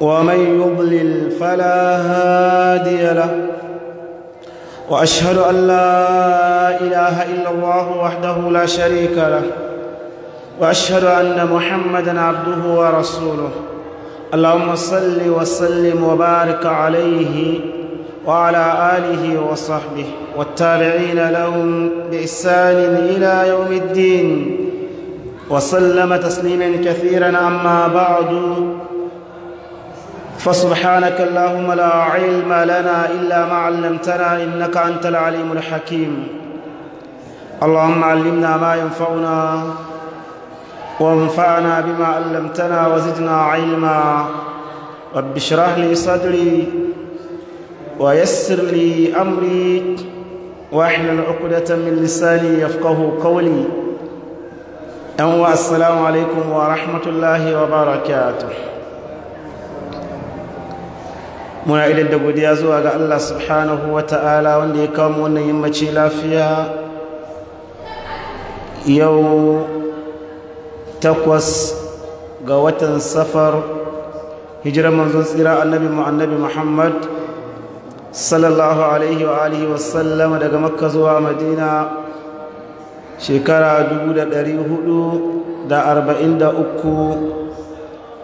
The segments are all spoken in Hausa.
ومن يضلل فلا هادي له واشهد ان لا اله الا الله وحده لا شريك له واشهد ان محمدا عبده ورسوله اللهم صل وسلم وبارك عليه وعلى اله وصحبه والتابعين لهم باحسان الى يوم الدين وسلم تسليما كثيرا اما بعد فسبحانك اللهم لا علم لنا إلا ما علمتنا إنك أنت العليم الحكيم اللهم علمنا ما ينفعنا وانفعنا بما علمتنا وزدنا علما رب اشرح لي صدري ويسر لي أمري واحلل عقدة من لساني يفقه قولي أن السلام عليكم ورحمة الله وبركاته muna idan da godiya zuwa ga Allah subhanahu wa ta'ala wanda ya kawo wannan yammaci lafiya yau takwas ga watan safar hijirar manzon tsira annabi mu annabi muhammad sallallahu alaihi wa alihi wa sallama, daga makka zuwa madina shekara 443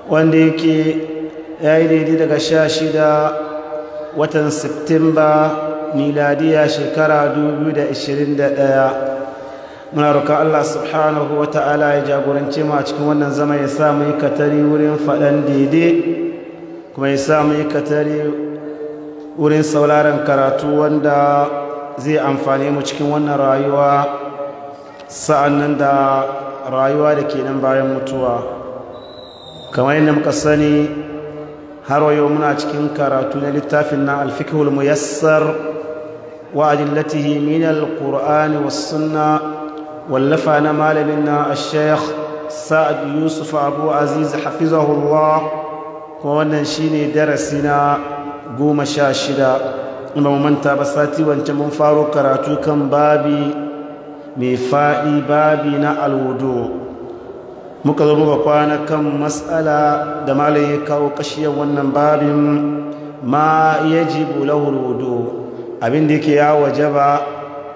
wanda yake ya yi daidai daga sha shida watan septemba miladiya shekara 2021 muna roƙa allah subhanahu wa ta'ala ya jagorance mu a cikin wannan zama ya sa mu yi katari wurin faɗan daidai kuma ya sa mu yi katari wurin sauraron karatu wanda zai amfani mu cikin wannan rayuwa sa'annan da rayuwa da ke nan bayan mutuwa kamar yadda muka sani har yau muna cikin karatu na littafin na alfikihul muyassar wa adillatihi min alqur'ani was sunna wallafa na malamin na ash-shaykh sa'ad yusuf abu aziz hafizahullah kuma wannan shine darasi na goma sha shida in ba mu manta ba sati wancan mun faro karatu kan babi mai faɗi babi na alwudu muka zo muka kwana kan matsala da malam ya kawo kashiyar wannan babin ma ji bula wudu abin da yake ya ba,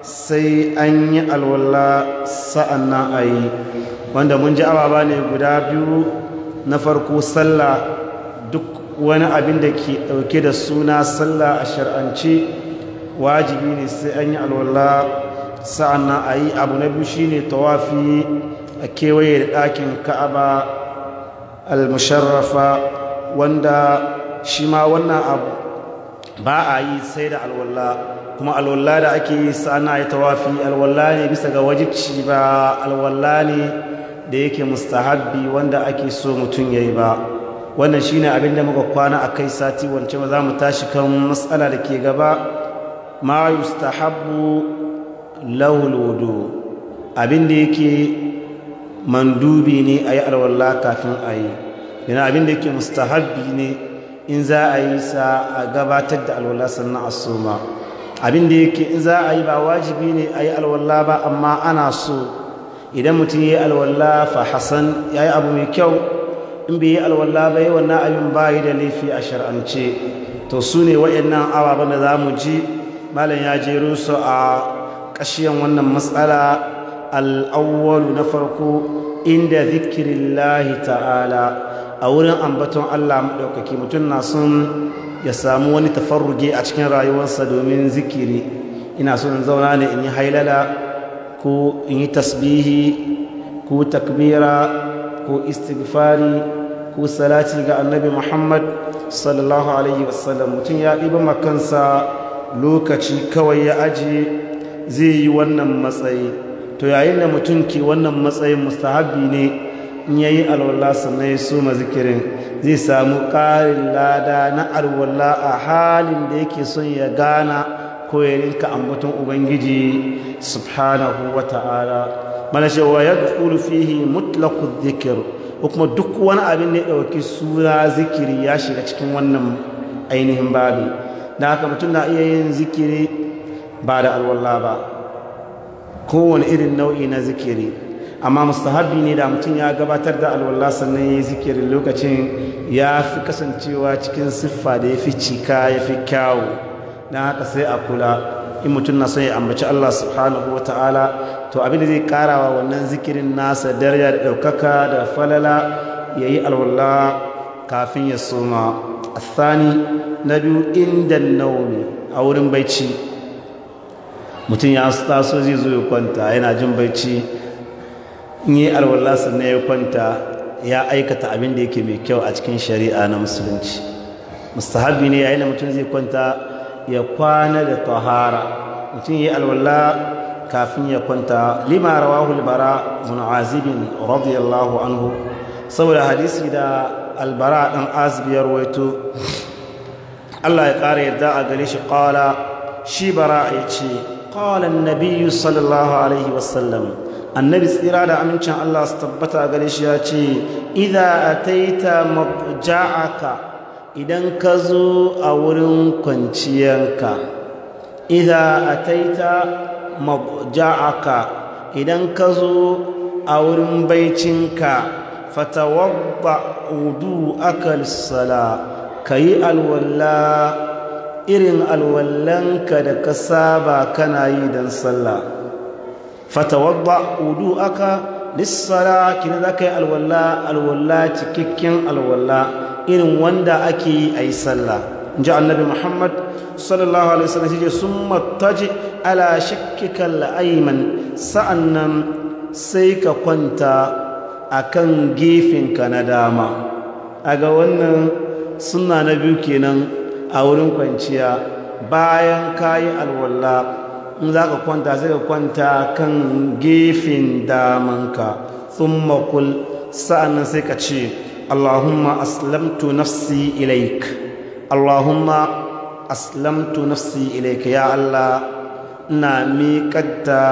sai an yi alwala sa'annan ayi wanda mun ji ababa ne guda biyu na farko sallah duk wani abin da ke dauke da suna sallah a shar'anci wajibi ne sai an yi alwala sa'annan ayi abu na biyu shine tawafi a kewaye da ɗakin ka'aba al-musharrafa wanda shi ma wannan abu ba a yi sai da alwalla kuma alwalla da ake yi sana ya tawafi alwalla ne bisa ga wajibci ba alwalla ne da yake mustahabbi wanda ake so mutum ya yi ba wannan shi ne abinda muka kwana a kai sati wance ba za mu tashi kan matsala da ke gaba ma yustahabbu lahul wudu abinda yake mandubi ne a yi alwala kafin a yi yana abin da yake mustahabbi ne in za a yi sa a gabatar da alwala sannan a ma abin da yake in za a yi ba wajibi ne a yi alwalla ba amma ana so idan mutum ya yi alwalla fa Hassan ya yi abu mai kyau in bai yi alwalla ba yi wannan abin ba yi da laifi a shar'ance to su ne wa'annan ababen da za mu ji malam ya jero su a ƙashiyan wannan matsala al'awwalu na farko inda zikirillahi ta'ala a wurin ambaton Allah maɗaukaki mutum na sun ya samu wani tafarruge a cikin rayuwarsa domin zikiri ina son zauna ne in yi hailala ko in yi tasbihi ko takbira ko istighfari ko salati ga annabi muhammad sallallahu alaihi wasallam mutum ya ɗiba makansa lokaci kawai ya aji zai yi wannan matsayi to yayin da mutum ke wannan matsayin mustahabi ne in yayi alwala sannan ya ma zikirin zai samu ƙarin lada na alwala a halin da yake son ya gana ko ya rinka ambaton ubangiji subhanahu wa ta'ala mana cewa ya fihi mutlaku zikir ko kuma duk wani abin da ya ɗauki sura zikiri ya shiga cikin wannan ainihin babi da haka mutum na iya yin zikiri ba da alwala ba kowane irin nau'i na zikiri amma mustahabbi ne da mutum ya gabatar da alwala sannan ya yi zikirin lokacin ya fi kasancewa cikin siffa da ya fi cika ya fi kyawu don haka sai a kula in mutum na son ya ambaci Allah subhanahu wa ta'ala to abin da zai karawa wannan zikirin nasa darya da ɗaukaka da falala ya yi alwala kafin ya soma A na الثاني نبي عند a wurin baici. mutum ya taso zai zo ya kwanta yana jin bacci in yi alwala sannan ya kwanta ya aikata abin da yake mai kyau a cikin shari'a na musulunci mustahabi ne yayin da mutum zai kwanta ya kwana da tahara mutum ya yi alwala kafin ya kwanta lima rawahu albara mun azibin radiyallahu anhu saboda hadisi da albara dan azbiyar waito Allah ya ƙara yarda a gare shi ƙala shi bara ya ce قال النبي صلى الله عليه وسلم النبي صلى الله عليه وسلم الله استبتا غريش ياتي إذا أتيت مضجعك idan ka zo a wurin kwanciyanka idan ka zo a wurin baicinka fatawadda wudu'aka sala kayi alwala irin alwallanka da ka saba kana yi don sallah fatawadda udu aka lissara kina za ka yi alwalla alwalla cikakken alwalla irin wanda ake yi a yi sallah in ji annabi muhammad sallallahu alaihi wasallam shi sun mataji ala shakkikal Sa'an sa'annan sai ka kwanta akan gefen ka na dama a ga wannan suna na biyu kenan a wurin kwanciya bayan kayi alwala in za ka kwanta sai ka kwanta kan gefen damanka thumma kul sa'annan sai ka ce allahumma aslamtu nafsi ilaik allahumma aslamtu nafsi ilaika ya Allah na miƙar da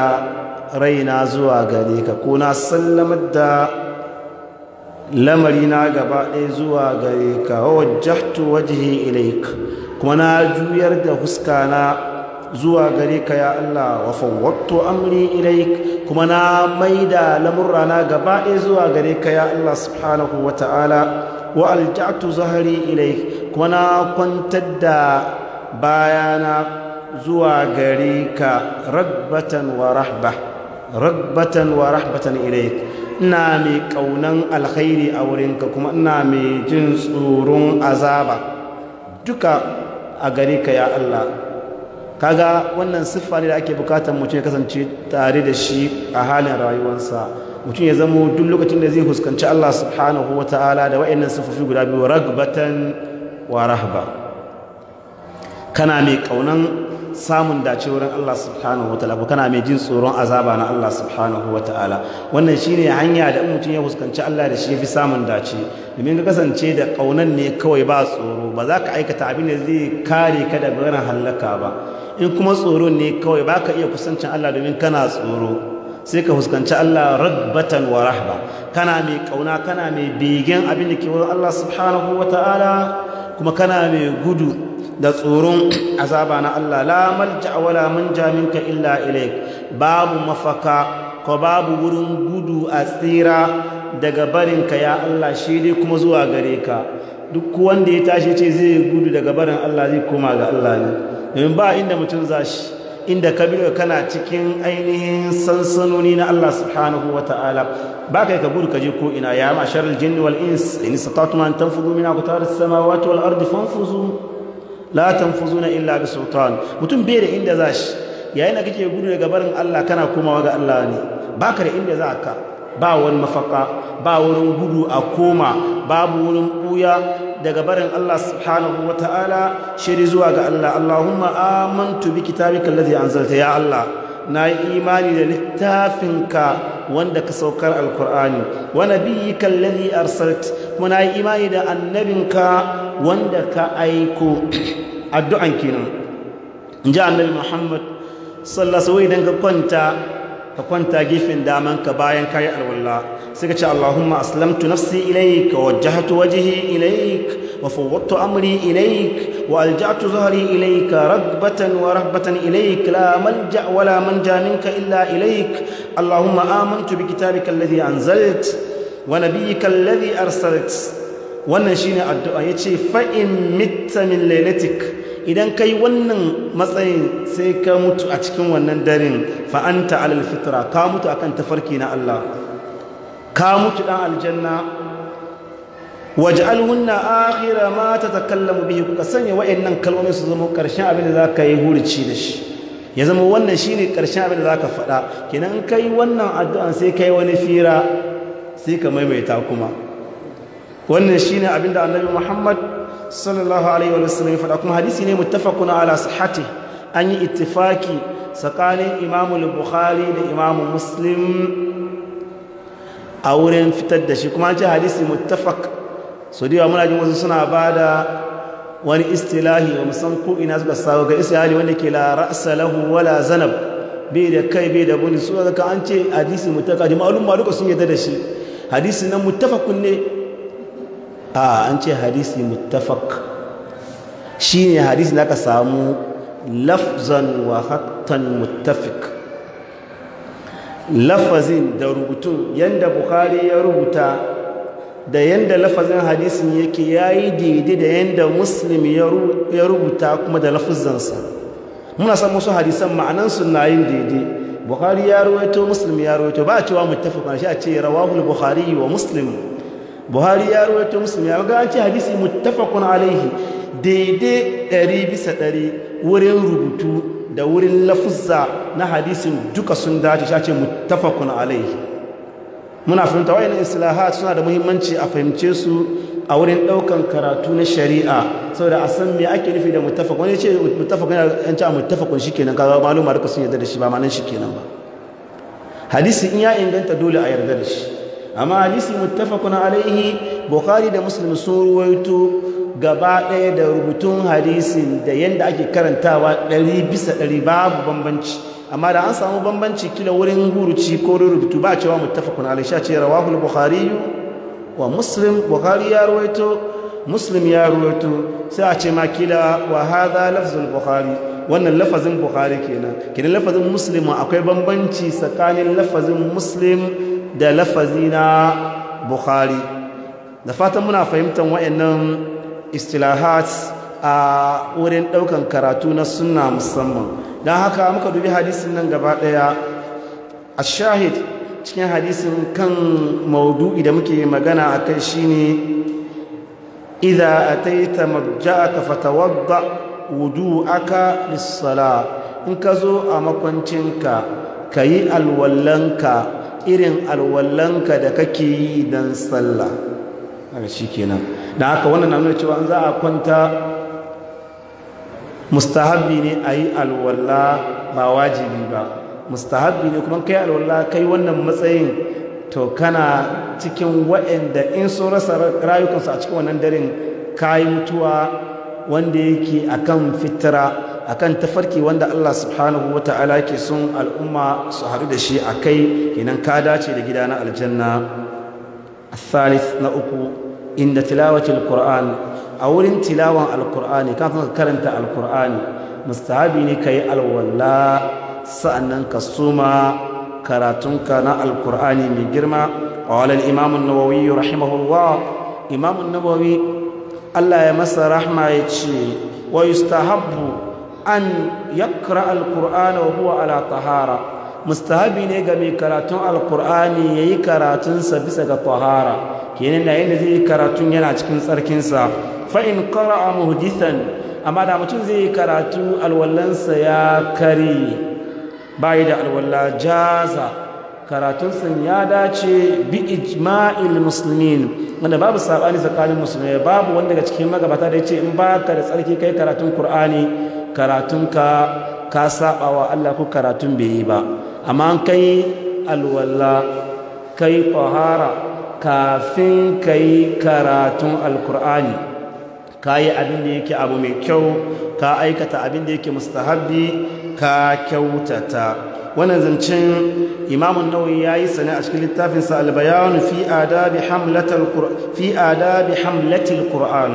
raina zuwa gare ka ko na sallamar da lamarina gaba ɗaya zuwa gare ka wajjahtu wajhi ilaik kuma na juyar da huska na zuwa gare ka ya Allah wa fawwattu amri ilaik kuma na maida lamurra na gaba ɗaya zuwa gare ka ya Allah subhanahu wa ta'ala wa alja'tu zahri ilaik kuma na kwantar da bayana zuwa gare ka ragbatan wa rahba ragbatan wa rahbatan ilaik ina mai ƙaunan alkhairi a wurinka kuma ina mai jin tsoron azaba duka a gare ka ya Allah kaga wannan siffa da ake bukatar mutum ya kasance tare da shi a halin rayuwarsa mutum ya zama duk lokacin da zai fuskanci Allah subhanahu wa ta'ala da wa'annan siffofi guda biyu ragbatan wa rahba kana mai kaunan samun dace wurin Allah subhanahu ta'ala ko kana mai jin tsoron azaba na Allah subhanahu ta'ala wannan shine hanya da in mutum ya fuskanci Allah da shi ya fi samun dace domin ka kasance da kaunan ne kawai ba tsoro ba za ka aikata abin da zai kare ka daga wannan halaka ba in kuma tsoro ne kawai ba ka iya kusancin Allah domin kana tsoro sai ka fuskanci Allah ragbatan wa rahba kana mai kauna kana mai begen abin da ke wurin Allah subhanahu ta'ala kuma kana mai gudu da tsoron azaba na Allah la malja wala manja minka illa ilaik babu mafaka ko babu wurin gudu a tsira daga barinka ya Allah shi dai kuma zuwa gare ka duk wanda ya tashi ce zai gudu daga barin Allah zai koma ga Allah ne domin ba inda mutum zashi inda kabiru kana cikin ainihin sansanoni na Allah subhanahu wa ta'ala ba kai ka gudu ka je ko ina ya ma sharil jinni wal ins in istata'tum an tanfudu min aqtaris samawati wal ardi fanfuzu la tanfuzuna illa bi mutum bai da inda zashi yayin da kake gudu daga barin Allah kana komawa ga Allah ne baka da inda za ka ba wani mafaka ba wurin gudu a koma babu wurin buya daga barin Allah subhanahu wataala shiri zuwa ga Allah Allahumma amantu bi kitabika allazi anzalta ya Allah na yi imani da littafinka wanda ka saukar alkur'ani wa nabiyyika allazi arsalt kuma na yi imani da annabinka wanda ka aiko addu'an kenan inji annabi muhammad sallallahu alaihi wasallam ga kwanta ka kwanta gefen daman ka bayan kai alwala sai ka ce allahumma aslamtu nafsi ilaik wa wajjahtu wajhi ilaik wa fawwadtu amri ilaik wa alja'tu zahri ilaik ragbatan wa rahbatan ilaik la malja wa la manja minka illa ilaik allahumma amantu bi kitabika alladhi anzalt wa nabiyyika alladhi wannan shine addu'a yace fa in mitta min lailatik idan kai wannan matsayin sai ka mutu a cikin wannan darin fa anta alal fitra ka mutu akan tafarki na Allah ka mutu dan aljanna waj'alhunna akhira ma tatakallamu bihi ka sanya wayannan kalmomin su zama karshen abin da zaka yi hurici da shi ya zama wannan shine karshen abin da zaka faɗa kenan kai wannan addu'an sai kai wani fira sai ka maimaita kuma wannan shine abinda annabi Muhammad sallallahu alaihi wa sallam ya faɗa kuma hadisi ne muttafaqun ala sihhati an yi ittifaki tsakanin Imam bukhari da Imam Muslim a wurin fitar da shi kuma an ce hadisi muttafaq so da muna jin wasu suna bada wani istilahi wa musan ko ina suka sawo ga istilahi wanda ke la ra'sa lahu wala zanab bai da kai bai da buni su ka an ce hadisi muttafaq jama'ul maluka sun yadda da shi hadisi nan muttafaqun ne a an ce hadisi muttafaq shine hadisi da aka samu lafzan wa hattan muttafiq lafazin da rubutun yanda bukhari ya rubuta da yanda lafazin hadisin yake yi daidai da yanda muslim ya rubuta kuma da lafazansa muna san musu hadisan ma'anan na yin daidai bukhari ya ruwaito muslim ya ruwaito ba a cewa muttafiq shi a ce rawahul bukhari wa muslim buhari ya ta musu ya ga an ce hadisi muttafaqun alaihi daidai dari bisa dari wurin rubutu da wurin lafuzza na hadisin duka sun dace shi ce muttafaqun alaihi muna fahimta wayannan islahat suna da muhimmanci a fahimce su a wurin daukan karatu na shari'a saboda a san me ake nufi da muttafaq wani ce muttafaq yana an ce muttafaqun shikenan kaga maluma duka sun yarda da shi ba manan shikenan ba hadisi in ya inganta dole a yarda da shi amma hadisi muttafaqun alaihi bukhari da muslim sun ruwaito gaba ɗaya da rubutun hadisi. da yadda ake karantawa ɗari bisa ɗari babu bambanci amma da an samu bambanci kila wurin guruci ko rubutu ba cewa muttafaqun alaihi sha ce rawahul bukhari wa muslim bukhari ya ruwaito muslim ya ruwaito sai a ce ma kila wa hadha lafzul bukhari wannan lafazin bukhari kenan kenan lafazin muslim akwai bambanci tsakanin lafazin muslim da lafazi na bukhari da fatan muna fahimtar wa'annan istilahat a wurin daukan karatu na sunna musamman don haka muka dubi hadisin nan gaba daya a shahid cikin hadisin kan maudu'i da muke magana a kai shine a ataita marja'aka fatawadda wudu'aka lis-salah in ka zo a makwancinka kayi alwallanka irin alwallanka da kake yi don sallah haka shi kenan da haka wannan na nuna cewa an za a kwanta mustahabbi ne a yi alwalla ba wajibi ba mustahabbi ne kuma kai alwalla kai wannan matsayin to kana cikin waɗanda in sun rasa rayukansu a cikin wannan darin kayi mutuwa wanda yake akan fitara. akan tafarki wanda Allah subhanahu wa ta'ala ke sun al'umma su haɗu da shi a kai kenan ka dace da gida na aljanna thalith na uku inda tilawati alqur'an a wurin tilawan alqur'ani ka san karanta alqur'ani mustahabi ne kai alwalla sa'annan ka suma karatunka na alqur'ani mai girma qala al-imam an-nawawi rahimahullah imam an-nawawi Allah ya masa rahma ya ce wa yustahabbu an yakra alqur'ana wa huwa ala tahara mustahabi ne ga mai karatun alqur'ani yayi karatunsa bisa ga tahara kenan da yanda zai yi karatun yana cikin tsarkinsa fa in qara'a muhdithan amma da mutum zai yi karatu alwallansa ya kari bayi da alwalla jaza karatunsa ya dace bi ijma'il muslimin wanda babu sabani tsakanin musulmai babu wanda daga cikin magabata da ce in baka da tsarki kai karatun qur'ani karatunka ka saba wa Allah ko karatun bai yi ba amma an kai alwala kai fahara kafin kai karatun alkur'ani ka yi abin da yake abu mai kyau ka aikata abin da yake mustahabbi ka kyautata wannan zancen imamun nawai ya yi sane a cikin littafinsa albayanu fi adabi hamlatil qur'an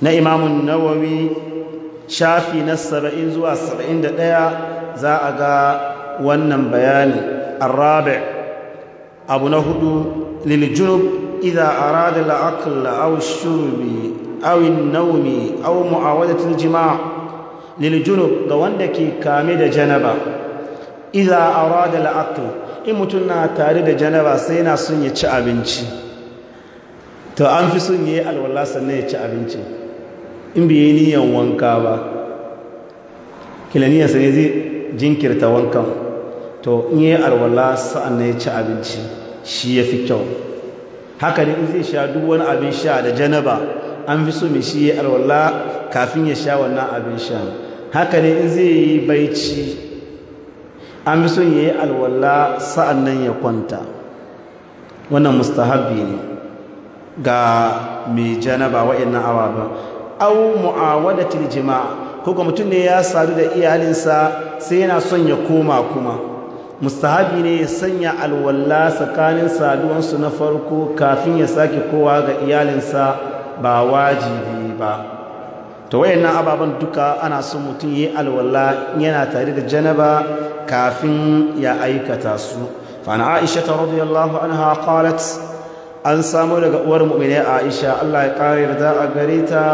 na imamun nawawi shafi na saba'in zuwa saba'in da ɗaya za a ga wannan bayani arabe abu na hudu liljunub idha arada al'aql aw shurbi aw an-nawmi aw mu'awadat al-jima' liljunub ga wanda ke kame da janaba idha arada al'aql in mutum na tare da janaba sai na son ya ci abinci to an fi son ya yi alwala sannan ya ci abinci in bi yi niyan wanka ba kila niyan sai zai jinkirta wankan to in yi alwala sa'an na ya ci abinci shi ya fi kyau haka ne in zai sha duk wani abin sha da janaba an fi so mai shi ya alwala kafin ya sha wannan abin sha haka ne in zai yi baici an fi so ya yi alwala sa'an nan ya kwanta wannan mustahabbi ne ga mai janaba na awa ba au mu'awadatil jima'a ko ga mutum ne ya sadu da iyalinsa sai yana son ya koma kuma mustahabi ne ya sanya alwalla tsakanin saduwansu na farko kafin ya sake kowa ga iyalinsa ba wajibi ba to wayannan ababan duka ana son mutum yayi alwalla yana tare da janaba kafin ya aikata su fa na aisha ta radiyallahu anha qalat an samu daga uwar mu'mini aisha Allah ya kare da a gare ta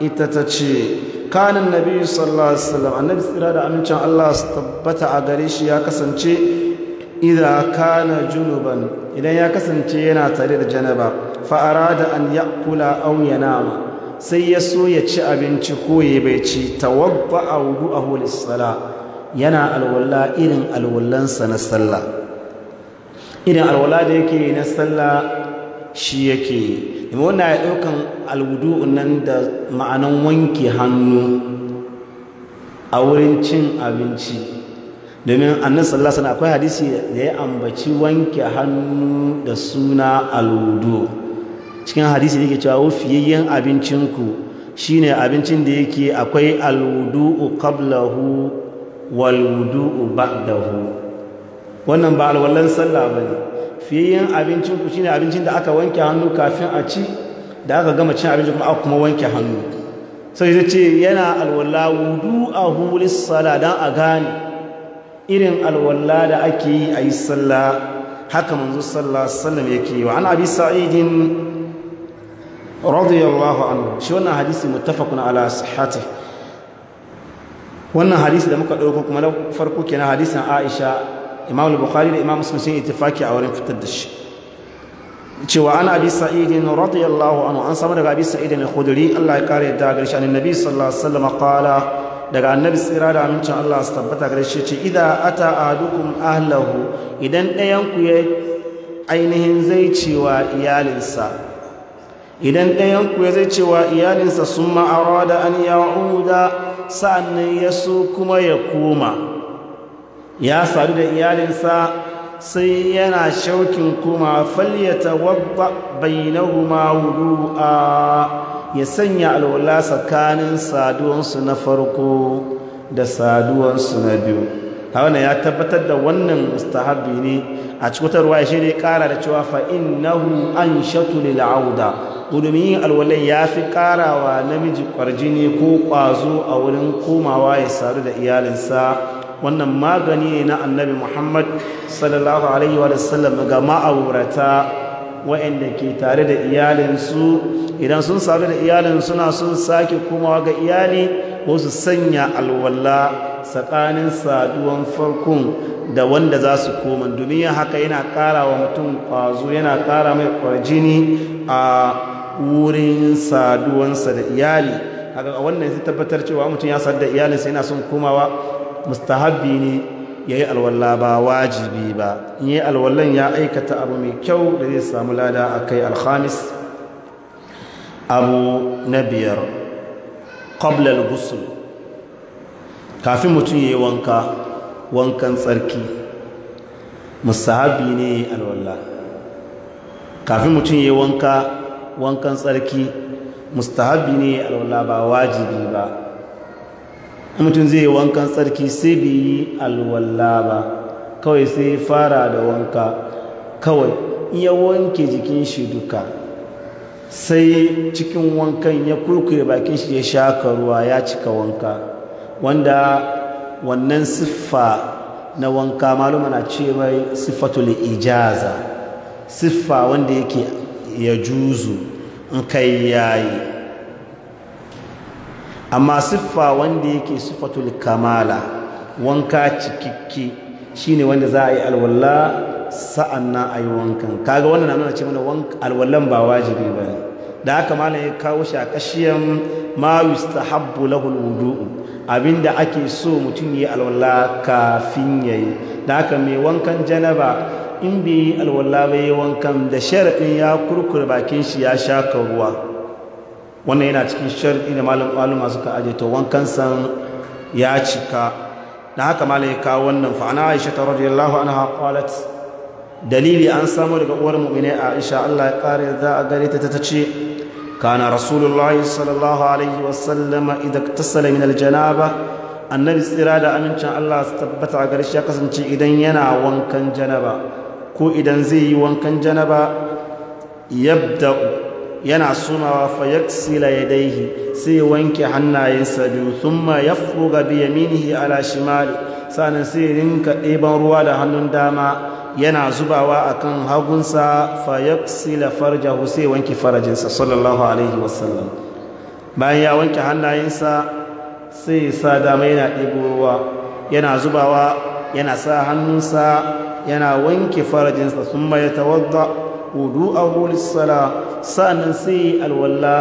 ita ta ce kanin nabi sallallahu alaihi wasallam annabi tsira da amincin Allah su tabbata a gare shi ya kasance idan kana junuban idan ya kasance yana tare da janaba fa da an yakula aw yanama sai ya so ya ci abinci ko ya bai ci tawabba a wudu'ahu lis-sala yana alwala irin alwallansa na sallah irin alwala da yake na sallah shi yake yi ya ɗaukan alwudu'un nan da ma'anan wanke hannu a wurin cin abinci domin annan sallallahu akwai hadisi da ya ambaci wanke hannu da suna alwudu cikin hadisi da yake cewa wufiyayyen abincinku shine abincin da yake akwai alwudu'u qablahu wal wudu'u ba'dahu wannan ba alwallan sallah ne. fiyayyen abincin ku ne abincin da aka wanke hannu kafin a ci da aka gama cin abinci kuma aka kuma wanke hannu sai zai ce yana alwala a hulis sala dan a gane irin alwala da ake yi a yi sallah haka manzo sallallahu sallam yake yi wa an abi sa'idin radiyallahu anhu shi wannan hadisi muttafaqun ala sahati wannan hadisi da muka ɗauko kuma na farko kenan hadisin Aisha imam al-bukhari da imam muslim sun yi tafaki a wurin fitar da shi cewa ana abi sa'idin radiyallahu anhu an samu daga abi sa'idin al-khudri Allah ya kare da shi. annabi sallallahu alaihi wasallam qala daga annabi tsira da amincin Allah su tabbata gare shi ce idza idan ɗayan ku ya ainihin zai cewa iyalinsa idan ku cewa iyalinsa sun ma'ara da an ya'uda sa'an ya su kuma ya koma ya sadu da iyalinsa sai yana shaukin kuma falyata wabba bainahuma wudu'a ya sanya alwala tsakanin saduwansu na farko da saduwansu na biyu hawana ya tabbatar da wannan mustahabi ne a cikin ya shi ne kara da cewa fa'in innahu an shatu lil auda gudumin alwalai ya fi karawa namiji kwarjini ko ƙwazo a wurin komawa ya sadu da iyalinsa wannan magani ne na annabi muhammad sallallahu alaihi wa sallam ga ma'aurata wa'anda ke tare da iyalinsu idan sun sadu da iyalin suna sun sake komawa ga iyali ko su sanya alwala tsakanin saduwan farkon da wanda za su koma domin yin haka yana ƙara wa mutum ƙwazo yana kara mai kwarjini a wurin saduwansa da iyali a wannan sai tabbatar cewa mutum ya sadu da iyalinsa yana sun komawa mustahabbi ne ya yi alwallah ba wajibi ba in yi alwallan ya aikata abu mai kyau da zai samu lada a kai alhamis abu na biyar ƙoblal gusul kafin mutum ya yi wanka wankan tsarki mustahabbi ne ya yi alwallah kafin mutum ya yi wanka wankan tsarki mustahabbi ne ya yi alwallah ba wajibi ba mutum zai yi wankan tsarki sai bai yi alwalla ba kawai sai fara da wanka kawai iya wanke jikin shi duka sai cikin wankan ya kurkure bakin shi ya shaka ruwa ya cika wanka wanda wannan siffa na wanka maluma na ce mai siffatul ijaza siffa wanda yake ya juzu in kai yayi amma siffa wanda yake siffatul kamala wanka cikakke shine wanda za a yi alwala sa'annan a yi wankan kaga wannan na nuna ce mana alwallan ba wajibi ba ne da haka malam ya kawo shi a kashiyan ma yustahabbu lahu alwudu abinda ake so mutum yi alwala kafin yayi da haka mai wankan janaba in bai yi alwala bai yi wankan da sharaɗin ya kurkure bakin shi ya sha ruwa wannan yana cikin sharɗi da malam maluma suka aje to wankan sa ya cika da haka malam ya kawo wannan fa aisha ta radiyallahu anha qalat dalili an samu daga uwar a aisha Allah ya kare za a gare ta ta ce kana rasulullahi sallallahu alaihi wa sallama idan tasala min aljanaba annabi tsira da amincin Allah su tabbata a gare shi ya kasance idan yana wankan janaba ko idan zai yi wankan janaba yabda yana sumawa fa ya daihi sai wanke hannayensa biyu sun ya yafruga biya minihi ala shimali sanan sai rinka ɗeban ruwa da hannun dama yana zubawa akan hagunsa fa yaksila farjahu sai wanke farajinsa sallallahu alaihi wasallam bayan ya wanke hannayensa sai sa dama yana ɗebo ruwa yana zubawa yana sa hannunsa yana wanke farajinsa sun ya tawadda wudu'ahu lis-sala sa'annan sai alwalla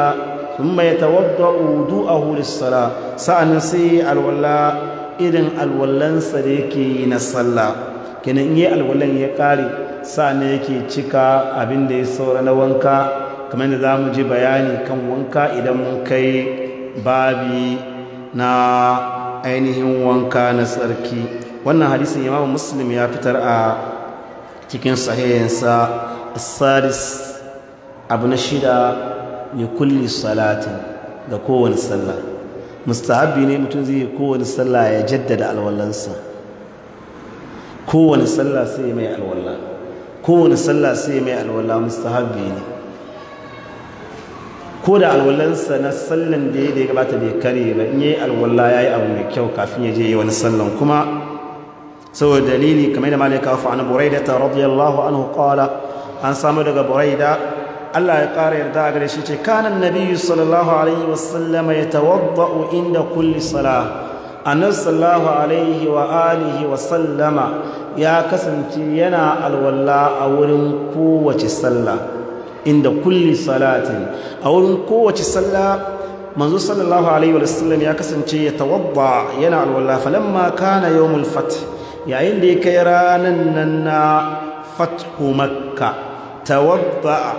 thumma yatawadda'u wudu'ahu lis-sala sa'annan sai alwalla irin alwallansa da yake na sallah kenan in yi alwallan ya kare sa'annan yake cika abin da ya saura na wanka kamar da za mu ji bayani kan wanka idan mun kai babi na ainihin wanka na tsarki wannan hadisin imamu muslim ya fitar a cikin sahihinsa السادس abu na shida ya kulli salatin ga kowane sallah mustahabi ne mutum zai yi kowane sallah ya jaddada alwallansa kowane sallah sai mai alwalla kowane sallah sai mai alwalla mustahabi ne ko da alwallansa na sallan da ya da ya gabata bai kare ba in yi alwalla ya yi abu mai kyau kafin ya je yi wani sallan kuma saboda dalili kamar da malaka fa an buraidata radiyallahu anhu qala an samu daga buraida Allah ya ƙara yarda a gare shi ce kanan nabiyyu sallallahu alaihi wasallama ya tawadda'u inda kulli sala annabi sallallahu alaihi wa alihi wasallama ya kasance yana alwalla a wurin kowace sallah inda kulli salatin a wurin kowace sallah manzo sallallahu alaihi wasallam ya kasance ya tawadda yana alwalla falamma kana yawmul fath yayin da ya kai ranan nan na fathu makka ya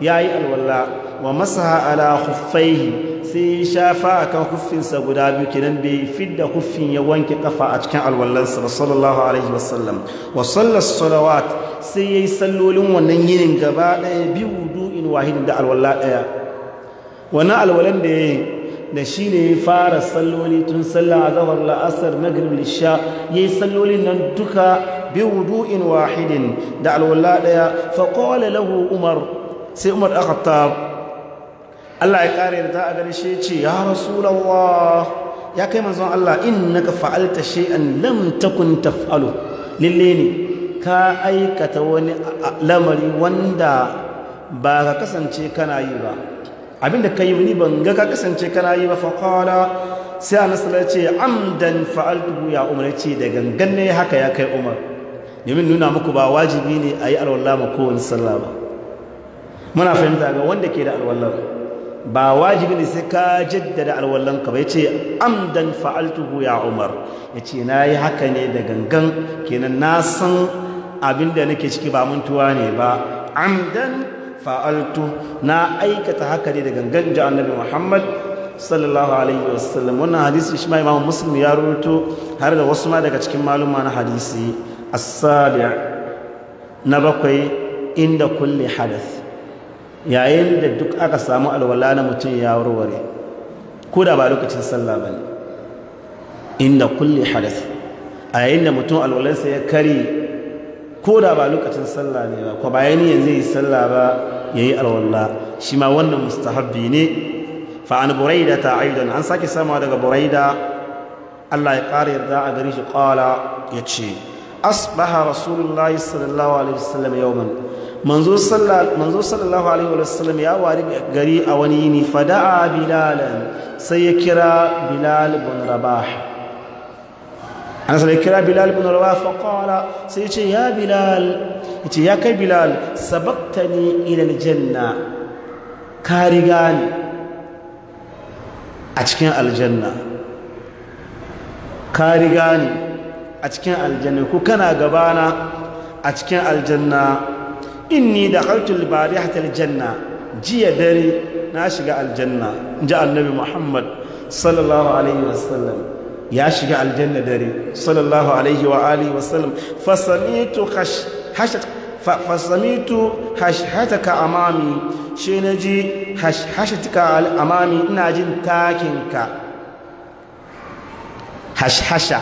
yayi alwala wa masaha ala khuffaihi sai shafa akan huffinsa guda biyu kenan bai fidda huffin ya wanke kafa a cikin alwallansa ba sallallahu alaihi wasallam wa sallas salawat sai yayi sallolin wannan yinin gaba daya bi wudu'in wahidin da alwala ɗaya wannan alwalan da yi. da shi ne ya fara salloli tun salla a la'asar maghrib lisha ya yi sallolin nan duka bi wudu'in wahidin da alwala ɗaya faƙola lahu umar sai umar ɗakata allah ya ƙare da ta a gani shi ce ya rasulallah ya kai manzon allah in na ka fa'alta shi'an lam takun taf'alu lille ne ka aikata wani lamari wanda ba ka kasance kana yi ba abinda ka yi wani banga ka kasance kana yi ba faƙala sai a nasarar ce amdan fa'altuhu ya umar ce da gangan ne haka ya kai umar domin nuna muku ba wajibi ne a yi alwallah ma kowane sallah ba muna fahimta ga wanda ke da alwallah ba wajibi ne sai ka jaddada alwallan ka ba ya ce amdan fa'altuhu ya umar ya ce na yi haka ne da gangan kenan na san abin da nake ciki ba mantuwa ne ba amdan fa'altu na aikata haka ne da gangan ji annabi muhammad sallallahu alaihi wasallam wannan hadisi shi ma imamu musulmi ya rubuto har da wasu ma daga cikin maluma na hadisi A sabi na bakwai inda kulle hadas yayin da duk aka samu alwala na mutum ya warware ko da ba lokacin sallah ne inda kulle hadas a yayin da mutum alwalansa ya kare ko da ba lokacin sallah ne ba ko bayan yanzu yi sallah ba yayi alwala shi ma wannan mustahabbi ne fa an buraida ta aidan an sake sama daga buraida Allah ya ƙara yarda a gari shi ƙala ya ce asbaha rasulullah sallallahu alaihi wasallam yawman manzo sallallahu alaihi wasallam ya wari gari a wani yini fada'a bilalan sai ya kira bilal bin rabah an sai kira bilal ibn rawa fa qala sai ce ya bilal ce ya kai bilal sabaqtani ila aljanna ka riga ni a cikin aljanna ka a cikin aljanna ku kana gabana a cikin aljanna inni da al-barihata aljanna jiya dare na shiga aljanna ji annabi muhammad sallallahu alaihi wasallam ya shiga aljanna dare sallallahu alaihi wa alihi wa sallam fasamitu hashat fasamitu hashhataka amami shi na ji hashhataka amami ina jin takinka hashasha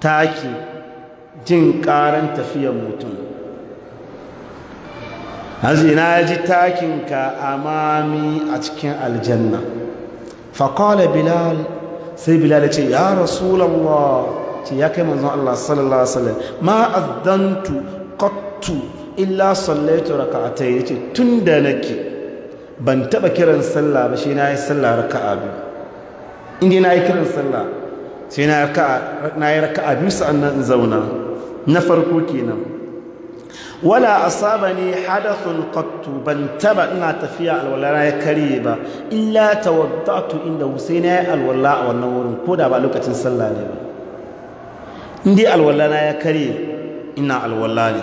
taki jin karan tafiyar mutum hanzu ina ji takinka amami a cikin aljanna faƙola bilal sai bilal ce ya rasulallah ce ya kai manzon Allah sallallahu alaihi wasallam ma azdantu qattu illa sallaitu raka'atay yace tunda nake ban taba kiran sallah ba shi na yi sallah raka'a biyu inda na yi kiran sallah sai na yi raka'a biyu sa'annan in zauna na farko kenan wala ne hadathun qattu ban taba ina tafiya alwala ya kare ba illa tawaddatu inda husaina ya alwala a wannan wurin ko da ba lokacin sallah ne ba indai alwala na ya kare ina alwala ne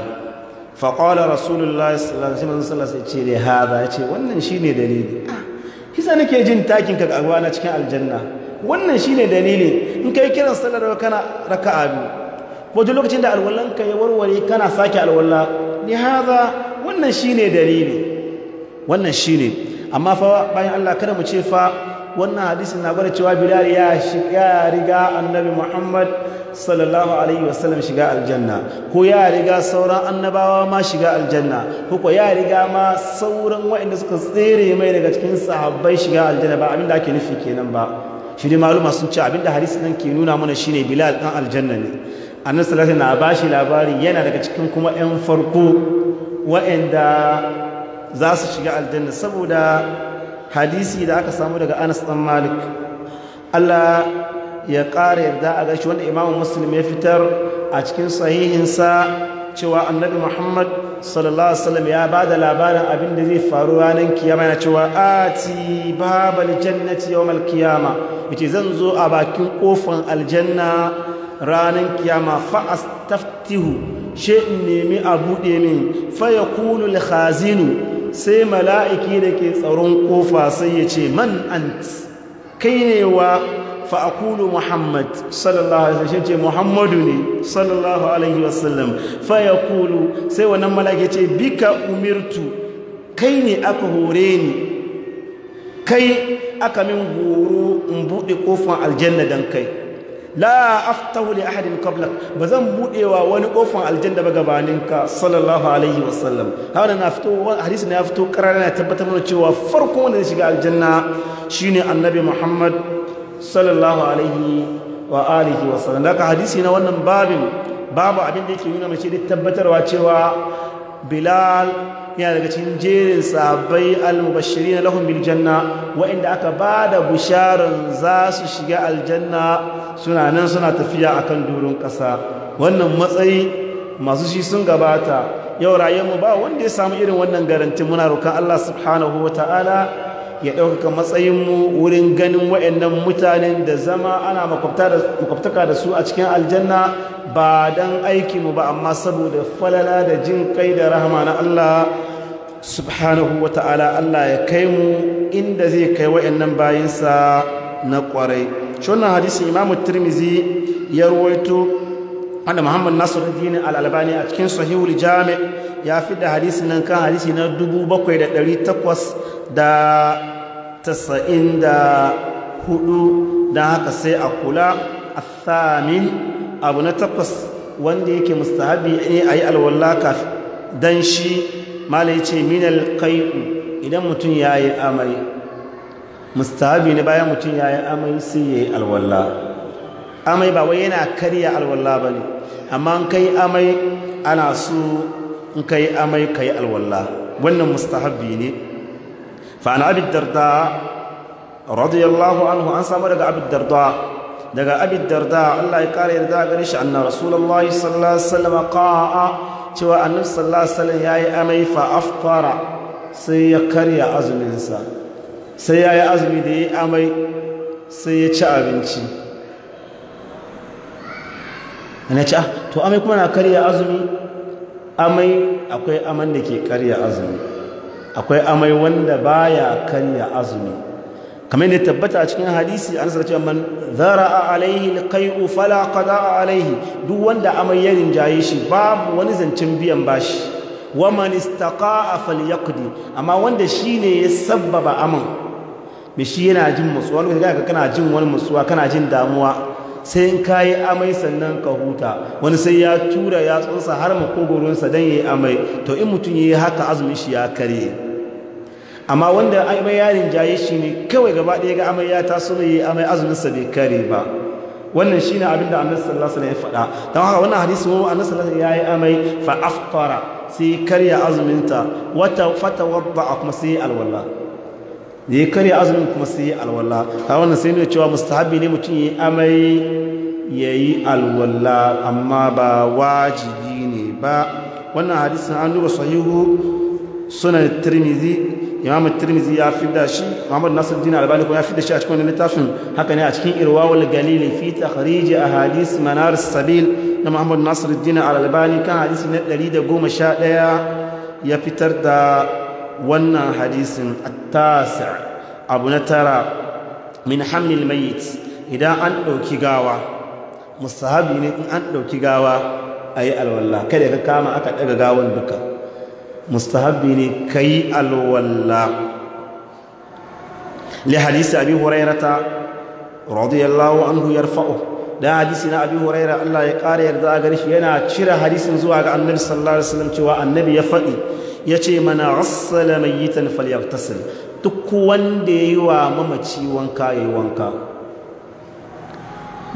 fa qala rasulullahi sallallahu alaihi wasallam sai ce dai hada ya ce wannan shine dalili kisa nake jin takin ka gaba na cikin aljanna wannan shine dalili in kai kiran sallar kana raka'a biyu wajen lokacin da alwallanka ya warware kana sake alwalla lihaza wannan shine dalili wannan shine amma fa bayan Allah kada mu ce fa wannan hadisin na gwada cewa Bilal ya shiga riga Annabi Muhammad sallallahu alaihi wasallam shiga aljanna ko ya riga sauran annabawa ma shiga aljanna ko ko ya riga ma sauran waɗanda suka tsere mai daga cikin sahabbai shiga aljanna ba abinda ake nufi kenan ba shi ne maluma sun ce abinda hadisin nan ke nuna mana shine Bilal dan aljanna ne annabi sallallahu na bashi labari yana daga cikin kuma 'yan farko wa'anda za su shiga aljanna saboda hadisi da aka samu daga Anas dan Malik Allah ya ƙara yarda a gashi wanda Imam Muslim ya fitar a cikin sahihinsa cewa Annabi Muhammad sallallahu alaihi wasallam ya bada labarin abin da zai faru ranar kiyama yana cewa ati babal jannati yawmal kiyama. yace zan zo a bakin kofan aljanna ranar kiyama fa'as taftihu she nemi a buɗe min faya kulul khazinu sai mala'iki da ke tsaron ƙofa sai ya ce man ant kai ne wa fa'akulu muhammad sallallahu alaihi wasallam ce muhammadu ne sallallahu alaihi wasallam faya kulu sai wannan mala'iki ce bika umirtu kai ne aka hore ni kai aka min horo in buɗe ƙofar aljanna don kai la aftahu li ahadin qablak bazan budewa wani kofan aljanna ba gabaninka sallallahu alaihi wasallam hawa na fito hadisi na fito karara na tabbatar da cewa farko wanda zai shiga aljanna shine annabi muhammad sallallahu alaihi wa alihi wasallam daga hadisi na wannan babin babu abin da yake nuna mace da tabbatarwa cewa bilal yana daga cikin jerin sabai al na lahum bil janna wa'inda aka da bisharan za su shiga aljanna suna nan suna tafiya a kan durin kasa wannan matsayi masu shi sun gabata yau rayuwarmu ba wanda ya samu irin wannan garanti muna roƙon Allah subhanahu ta'ala ya ɗaukaka matsayinmu wurin ganin wa'annan mutanen da zama ana makwabtaka da su a cikin aljanna ba don aikinmu ba amma saboda falala da jin kai da rahama na Allah subhanahu wa ta'ala Allah ya kai mu inda zai kai wa'annan bayinsa na kwarai shi hadisi hadisin imamu tirmizi ya ruwaito wanda muhammad nasiru dini al'albani a cikin sahihul jami ya fi da hadisin nan kan hadisi na 7,894 da haka sai a kula a thamin abu na takwas wanda yake mustahabi ne a yi kafi. don shi mala ya ce minal kai'u idan mutum ya yi amai mustahabi ne bayan mutum ya yi amai sai ya yi alwalla. amai ba wai yana karya alwalla ba ne amma kai amai ana so in kai amai ka yi alwala wannan mustahabi ne fa'an abin darda radiyallahu anhu an samu daga abin darda daga abin darda Allah ya kare yarda gare shi anna rasulullahi sallallahu alaihi wasallam qa'a cewa annab sallallahu alaihi wasallam yayi amai fa afkara sai ya karya azumin sa sai yayi azumi da yayi amai sai ya ci abinci ana ci ah, to amai kuma na karya azumi amai akwai aman da ke karya azumi akwai amai wanda baya karya azumi kamar ne tabbata a cikin hadisi an sarki man zara'a alaihi alqai'u fala qada'a alaihi duk wanda amai ya rinjaye shi babu wani zancen biyan bashi wa man istaqa'a falyaqdi amma wanda shine ya sabbaba aman me shi yana jin musuwa lokacin ga kana jin wani kana jin damuwa sai in yi amai sannan ka huta wani sai ya tura ya yatsunsa har makogoronsa dan yayi amai to in mutum yayi haka azumin shi ya karye amma wanda amai yarin jaye shi ne kawai gaba ɗaya ga amai ya taso mai amai sa bai kare ba wannan shi ne abinda annabi sallallahu alaihi wasallam ya faɗa don haka wannan hadisi mu annabi sallallahu alaihi wasallam ya yi amai fa aftara sai karya azuminta wata fata wadda kuma sai alwala da ya karya azumin kuma sai alwala ta wannan sai ne cewa mustahabi ne mutum ya yi amai ya yi alwala amma ba wajibi ne ba wannan hadisin an duba sahihu sunan tirmidhi imam tirmizi ya da shi muhammad nasiruddin albani kuma ya da shi a cikin littafin haka ne a cikin irwawul galili fi takhrij ahadith manar sabil na muhammad nasiruddin albani kan hadisi na daya ya fitar da wannan hadisin at-tasi abu na tara min hamil mayyit idan an dauki gawa mustahabi ne in an dauki gawa ayi alwala kada ka kama aka daga gawan duka mustahabbi ne kai alwalla li hadisi abi hurairata radiyallahu anhu yarfa'u da hadisi na abi huraira Allah ya kare yarda a shi yana cire hadisin zuwa ga annabi sallallahu alaihi wasallam cewa annabi ya faɗi ya ce mana ghassala mayyitan falyagtasil duk wanda yayi wa mamaci wanka yayi wanka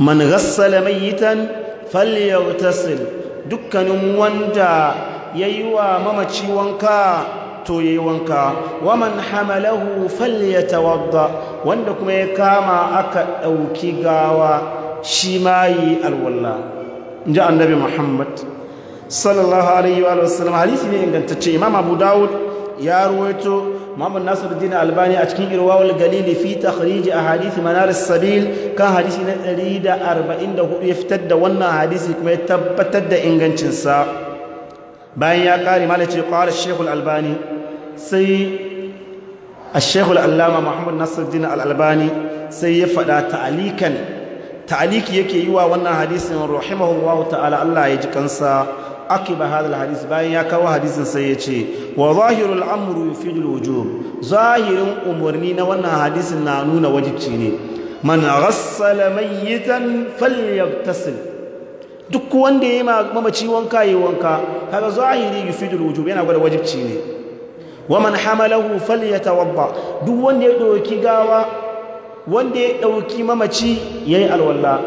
man ghassala mayitan falyagtasil dukkanin wanda ya yi wa mamaci wanka to ya yi wanka waman hamalahu falyatawadda wanda kuma ya kama aka ɗauki gawa shi ma yi alwalla in ji annabi muhammad sallallahu alaihi wa sallam ne ingantacce imam abu dawud ya ruwaito muhammad din albani a cikin irwawul galili fi a ahadith manar sabil kan hadisi na 144 ya fitar da wannan hadisi kuma ya tabbatar da ingancinsa bayan ya kare mala ce qala shekul albani sai a shekul allama muhammad nasiruddin al-albani sai ya faɗa ta'alikan ta'aliki yake yi wa wannan hadisin rahimahullahu ta'ala Allah ya ji kansa akiba hadal hadis bayan ya kawo hadisin sai ya ce wa zahirul amru yufidul wujub zahirin umarni na wannan hadisin na nuna wajibci ne man ghassala mayyitan falyabtasil duk wanda ya yi mamaci wanka yi wanka kaga zahiri fi wujub yana gwada wajibci ne wa man hamalahu duk wanda ya dauki gawa wanda ya ɗauki mamaci ya yayi alwala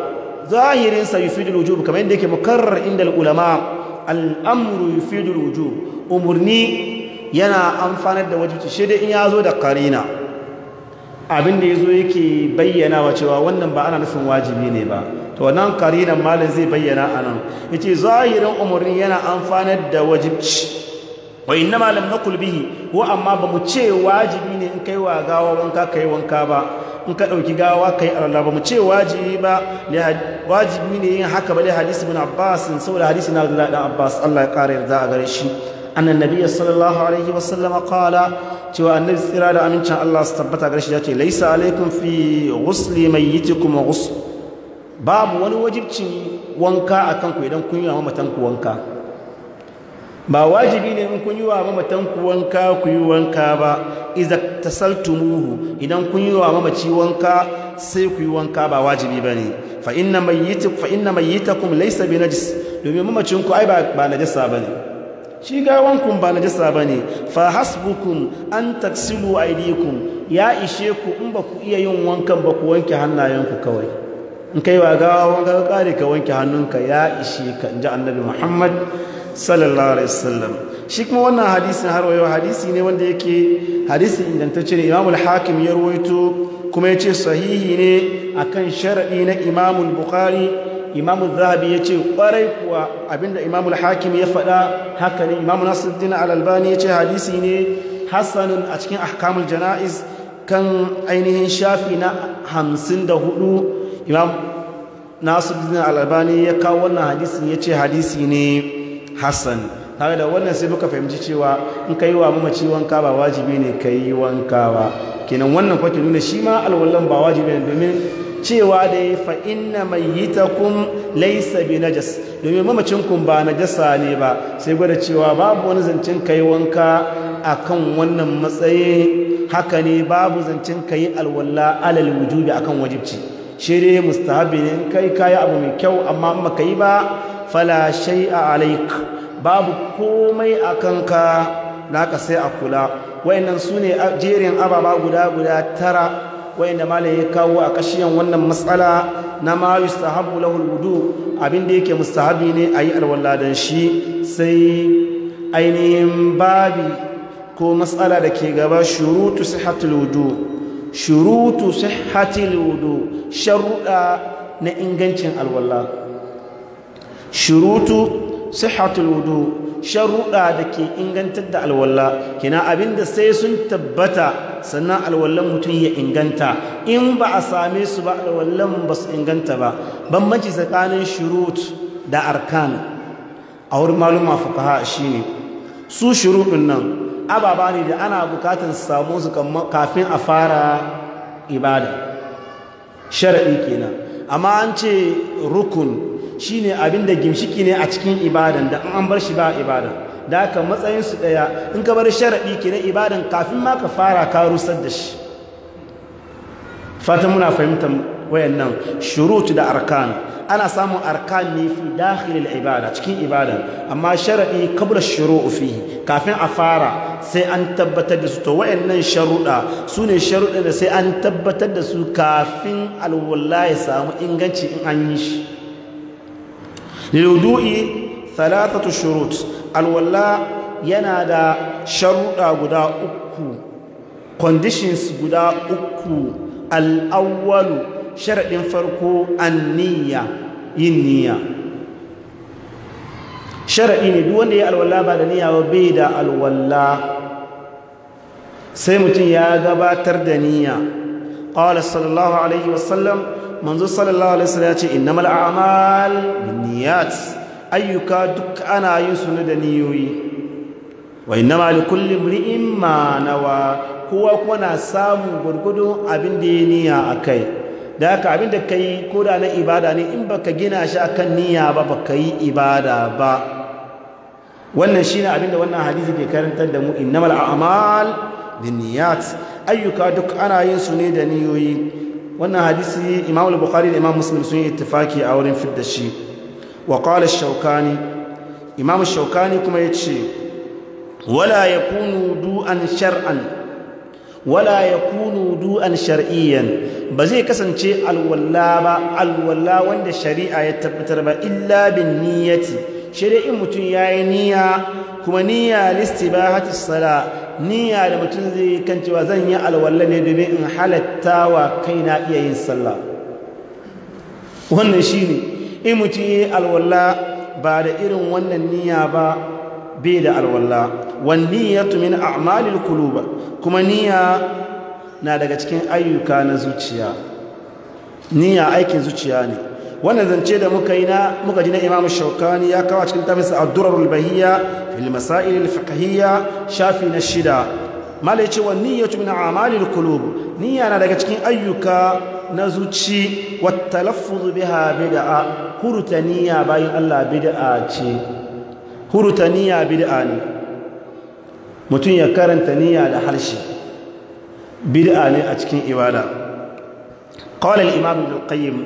Zahirinsa, sa yufidul kamar yadda ke mukarrar inda ulama al-amru yufidul wujub umarni yana amfanar da wajibci shi dai in ya zo da karina abin da ya zo yake bayyana wa cewa wannan ba ana nufin wajibi ne ba to nan karinan malin zai bayyana a nan ya zahirin umarni yana amfanar da wajibci wa inna malam na kulbihi ko amma ba mu ce wajibi ne in kai wa gawa wanka kai wanka ba in ka ɗauki gawa kai arla ba mu ce wajibi ba wajibi ne yin haka ba hadisi bin abbas saboda hadisi na abdullahi dan abbas allah ya ƙara yarda a gare shi annan nabiya sallallahu alaihi wasallam qala cewa annabi tsira da amincin allah su tabbata gare shi ya ce laisa alaikum fi ghusli mayyitikum ghusl babu wani wajibcin wanka a kanku idan kun yi wa mamatanku wanka ba wajibi ne in kun yi wa mamatanku wanka ku yi wanka ba iza tasaltumuhu idan kun yi wa mamaci wanka sai ku yi wanka ba wajibi ba ne fa ina mai yi ta kuma laisa bi najis domin mamacinku ai ba na najasa ba ne shi gawanku ba najasa ba ne fa hasbukun an taksilu aydikum ya ishe ku in ba ku iya yin wankan ba ku wanke hannayenku kawai in kai wa gawa wanga kare ka wanke hannunka ya ishe ka inji annabi muhammad sallallahu alaihi wasallam shi kuma wannan hadisin har wayo hadisi ne wanda yake hadisin ingantacce ne imamul hakim ya ruwaito kuma yace sahihi ne akan sharadi na imamul bukhari imamu zahabi ya ce kwarai kuwa abinda imamul hakim ya faɗa haka ne imamu nasiruddin al'albani ya ce hadisi ne hassanin a cikin ahkamul jana'iz kan ainihin shafi na hamsin da hudu imam nasiruddin al-albani ya kawo wannan hadisin ya ce hadisi ne hassan tare da wannan sai muka fahimci cewa in ka yi wa mamaci wanka ba wajibi ne ka yi wanka ba kenan wannan kwakin nuna shi ma alwallon ba wajibi ne domin cewa da ya mai yi ta kun laisa bi najas domin mamacin kun ba jasa ne ba sai gwada cewa babu wani zancen yi wanka akan wannan matsayi haka ne babu zancen yi alwala alal wujubi akan wajibci shirye mustahabi ne kai kayi abu mai kyau amma baka yi ba fala a alaik babu komai a kanka naka sai a kula wayannan ne jerin ababa guda guda tara wayanda malaye ya kawo a kashiyan wannan matsala na ma sahabu lahul alwudu abinda yake mustahabi ne a yi alwalladan shi sai ainihin babi ko matsala da ke gaba shuru shurutu sihhatul wudu shurutu sihhatil lodo sharuda na ingancin alwala shurutu sihhatil wudu sharuda da ke ingantar da alwala kina abinda sai sun tabbata sannan alwallan mutum ya inganta in ba a same su ba alwallan ba su inganta ba bambanci tsakanin shurut da arkan a wurin maluma fukaha shine su shuruɗu nan ababa ne da ana bukatar samu su kafin a fara ibada sharaɗi kenan amma an ce rukun shine abin da gimshiki ne a cikin ibadan da an bar shi ba ibada da aka matsayin su ɗaya in ka bar sharaɗi kenan ibadan kafin ma ka fara ka rusar da shi fatan muna fahimtar wayannan shurut da arkan ana samun arkan ne fi dakhilil ibada cikin ibada amma sharadi qabla shuru'u fi kafin a fara sai an tabbatar da su to wayannan sharuda sune sharuda da sai an tabbatar da su kafin alwallahi samu inganci in an yi shi liwudu'i thalathatu shurut alwalla yana da sharuda guda uku conditions guda uku al'awwalu sharaɗin farko anniya yin niyya sharaɗi ne duk wanda ya alwala ba da niyya ba bai da alwala sai mutum ya gabatar da niyya qala sallallahu alaihi wasallam manzo sallallahu alaihi wasallam ya ce innamal a'mal binniyat ayyuka duk ana yin su ne da niyoyi wa innama likulli imri'in ma nawa kowa kuma na samun gurgudun abin da ya niyya kai. da haka abin da kai ko da na ibada ne in baka gina shi akan niyya ba baka yi ibada ba wannan shine abin da wannan hadisi ke karantar da mu innamal a'mal binniyat ayyuka duk ana yin su ne da niyoyi wannan hadisi Imam al-Bukhari da Imam Muslim sun yi ittifaki a wurin fidda shi wa qala shawkani Imam Shaukani shawkani kuma yace wala yakunu du'an shar'an wala ya kunu du'an shar'iyyan ba zai kasance alwalla ba alwalla wanda shari'a ya tabbatar ba illa bin niyyati shari'in mutum yayi niyya kuma niyya listibahati sala niyya da mutum zai kan cewa zan yi alwalla ne domin in halatta wa kaina iya yin sallah wannan ne in mutum yi alwalla ba da irin wannan niyya ba bai da alwalla ya niyyatu min a'malil qulub kuma niyya na daga cikin ayyuka na zuciya niyya aikin zuciya ne wannan zance da muka yi na muka ji na Imam shaukani ya kawo cikin tafsir ad-durarul bahiyya fil masail fiqhiyya shafi na shida mala wa niyyatu min a'malil qulub niyya na daga cikin ayyuka na zuci wa talaffuz biha bid'a hurtaniya bayin Allah bid'a ce huruta niyya bid'a ne mutum ya karanta niyya da harshe bid'a ne a cikin ibada qala al-imam ibn al-qayyim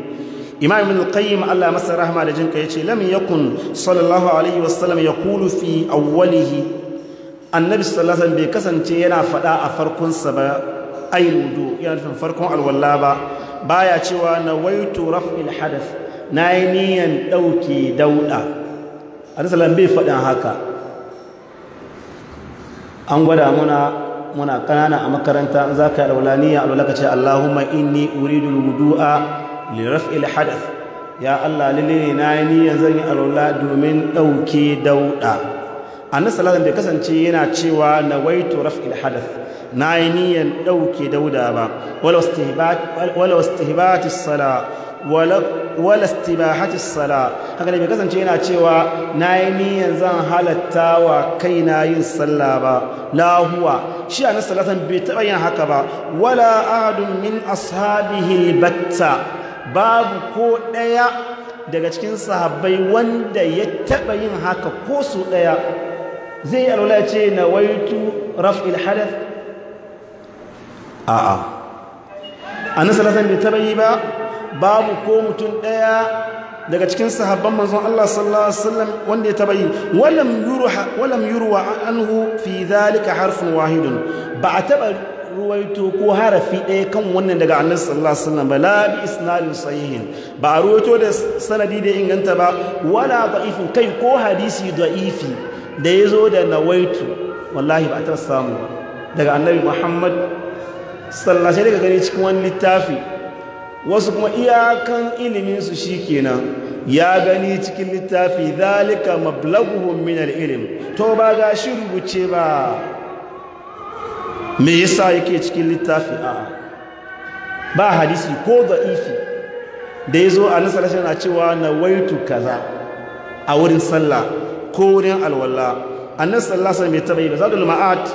imam ibn al-qayyim Allah masa rahma da jinka yace lam yakun sallallahu alaihi wasallam yaqulu fi awwalihi annabi sallallahu alaihi wasallam bai kasance yana fada a farkon sa ba ay yana nufin farkon alwala ba baya cewa nawaitu raf'il hadath nayi niyan dauke dauda alisalam bai faɗin haka an gwada muna muna ƙanana a makaranta za ka yi alwalaniya alwalaka ce allahumma inni uridul wudu'a li raf'il hadath ya allah lalle ne na yi niyyar zan yi alwala domin ɗauke dauɗa annabi sallallahu bai kasance yana cewa na nawaitu raf'il hadath na yi niyyar ɗauke dauda ba wala istihbati sala wala wala istibahati sala haka ne bai kasance yana cewa nayi niyan zan halatta wa kaina yin sallah ba Lahuwa, huwa shi annabi salatan bai taba yin haka ba wala ahadun min ashabihi albatta babu ko ɗaya daga cikin sahabbai wanda ya taɓa yin haka ko su ɗaya? zai alwala ce nawaitu raf'il hadath a'a annabi salatan bai taba yi ba babu ko mutum ɗaya daga cikin sahabban manzon Allah sallallahu alaihi wasallam wanda ya tabayi walam yurha walam yurwa anhu fi dhalika harfun wahidun ba a taba ruwaito ko harafi ɗaya kan wannan daga annabi sallallahu alaihi wasallam ba la bi isnadin sahihin ba a ruwaito da sanadi da inganta ba wala da'ifin kai ko hadisi da'ifi da yazo da nawaitu wallahi ba a samu daga annabi Muhammad sallallahu alaihi wasallam daga gani cikin wani littafi wasu kuma iyakan iliminsu shi kenan ya gani cikin littafi zalika mablaguhum min ilim, to ba ga shi rubuce ba me yasa yake cikin littafi a ba hadisi ko ifi da ya zo a nasarar shi na cewa na waitu kaza a wurin sallah ko wurin alwala annas sallah sai mai tabayi ba zadul ma'at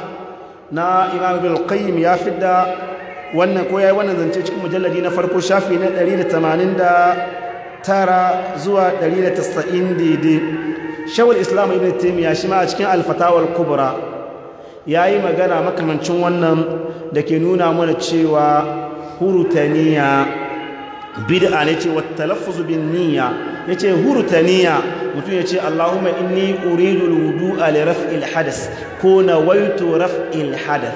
na imam bil qayyim ya fidda wannan ko yi wannan zance cikin mujalladi na farko shafi na 189 zuwa 190 daidai shawul islam ibn taymiya shi ma a cikin alfatawar fatawal kubra yayi magana makamancin wannan da ke nuna mana cewa hurutaniya bid'a ne ce wata talaffuz bin niyya yace hurutaniya mutum yace allahumma inni uridu al-wudu'a li raf'il hadas ko nawaitu raf'il hadas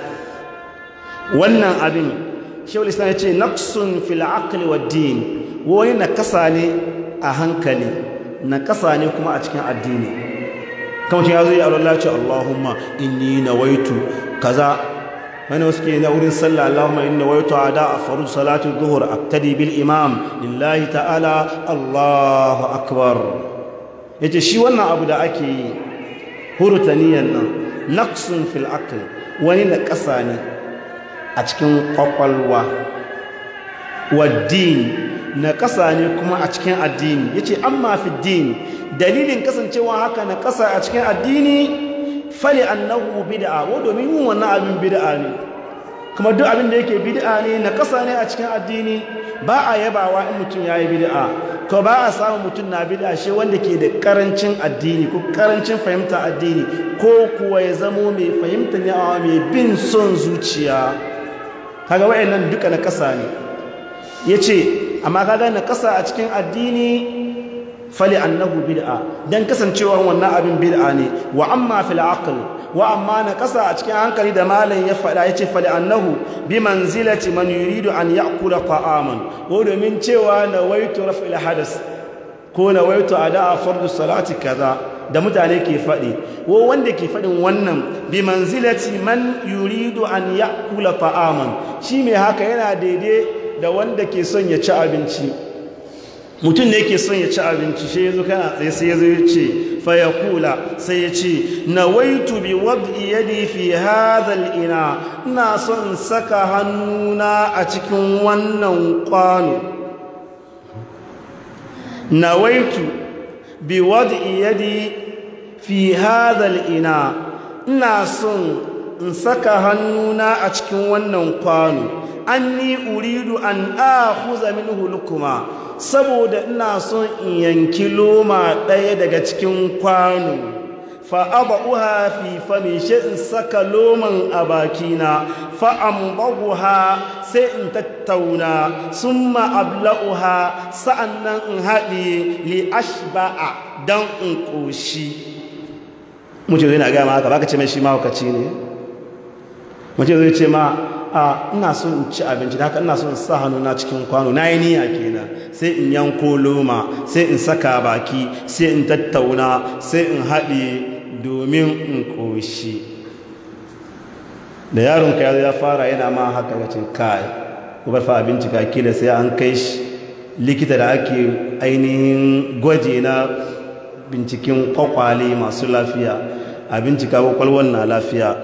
wannan abin shawul islam ya ce naqsun fil wa din wani nakasa ne a hankali nakasa ne kuma a cikin addini kamar ya zo ya Allah ce Allahumma inni nawaitu kaza wani wasu ke na sallah Allahumma inni nawaitu a faru salatu dhuhr aqtadi bil imam lillahi ta'ala Allahu akbar yace shi wannan abu da ake yi hurutaniyan nan naqsun fil aqli wani nakasa ne a cikin kwakwalwa waddin na kasa ne kuma a cikin addini ya ce an mafi din dalilin kasancewa haka na kasa a cikin addini fali annahu bid'a wa domin yin wannan abin bid'a ne kuma duk abin da yake bid'a ne na kasa ne a cikin addini ba a yabawa in mutum ya yi bid'a ko ba a samun mutum na bid'a shi wanda ke da karancin addini ko karancin fahimta addini ko kuwa ya zamo mai fahimta ne a mai bin son zuciya kaga wayannan duka na kasa ne yace amma kaga na kasa a cikin addini fali annahu bid'a dan kasancewa wannan abin bid'a ne wa amma fil aql wa amma na kasa a cikin hankali da malam ya fada yace fali annahu bi manzilati man yuridu an ya'kula ta'aman ko domin cewa nawaitu raf'il hadas ko nawaitu ada'a fardu salati kaza da mutane ke faɗi wo wanda ke faɗin wannan bi manzilati man yuridu an ya'kula fa'aman shi mai haka yana daidai da wanda ke son ya ci abinci mutum ne ke son ya ci abinci shi yazo kana tsaye sai yazo ya ce fa yaqula sai ya ce nawaitu bi wad'i yadi fi hadha ina ina son saka hannuna a cikin wannan kwano nawaitu bi iyadi yadi fi hadha ina ina son in saka hannuna a cikin wannan kwano anni uridu an huza minhu lukuma saboda ina son in yanki loma daya daga cikin kwano uha loman a bakina فأضعها في فمي شيء سكلوما uha sa’an nan in haɗe li سأنا هدي in دم قوشي mutum na gaya ma haka ka ce mai shi mahaukaci ne mutum zai ce ma a ina so in ci abinci da haka ina so in sa hannu na cikin kwano na yi niyya kenan sai in yanko loma sai in saka baki sai in tattauna sai in haɗe domin in ƙoshi da yaronka ya ya fara yana ma haka wace kai kubar fa abinci da sai an kai shi likita da ake ainihin gwaji na binciken kwakwale masu lafiya a bincika na lafiya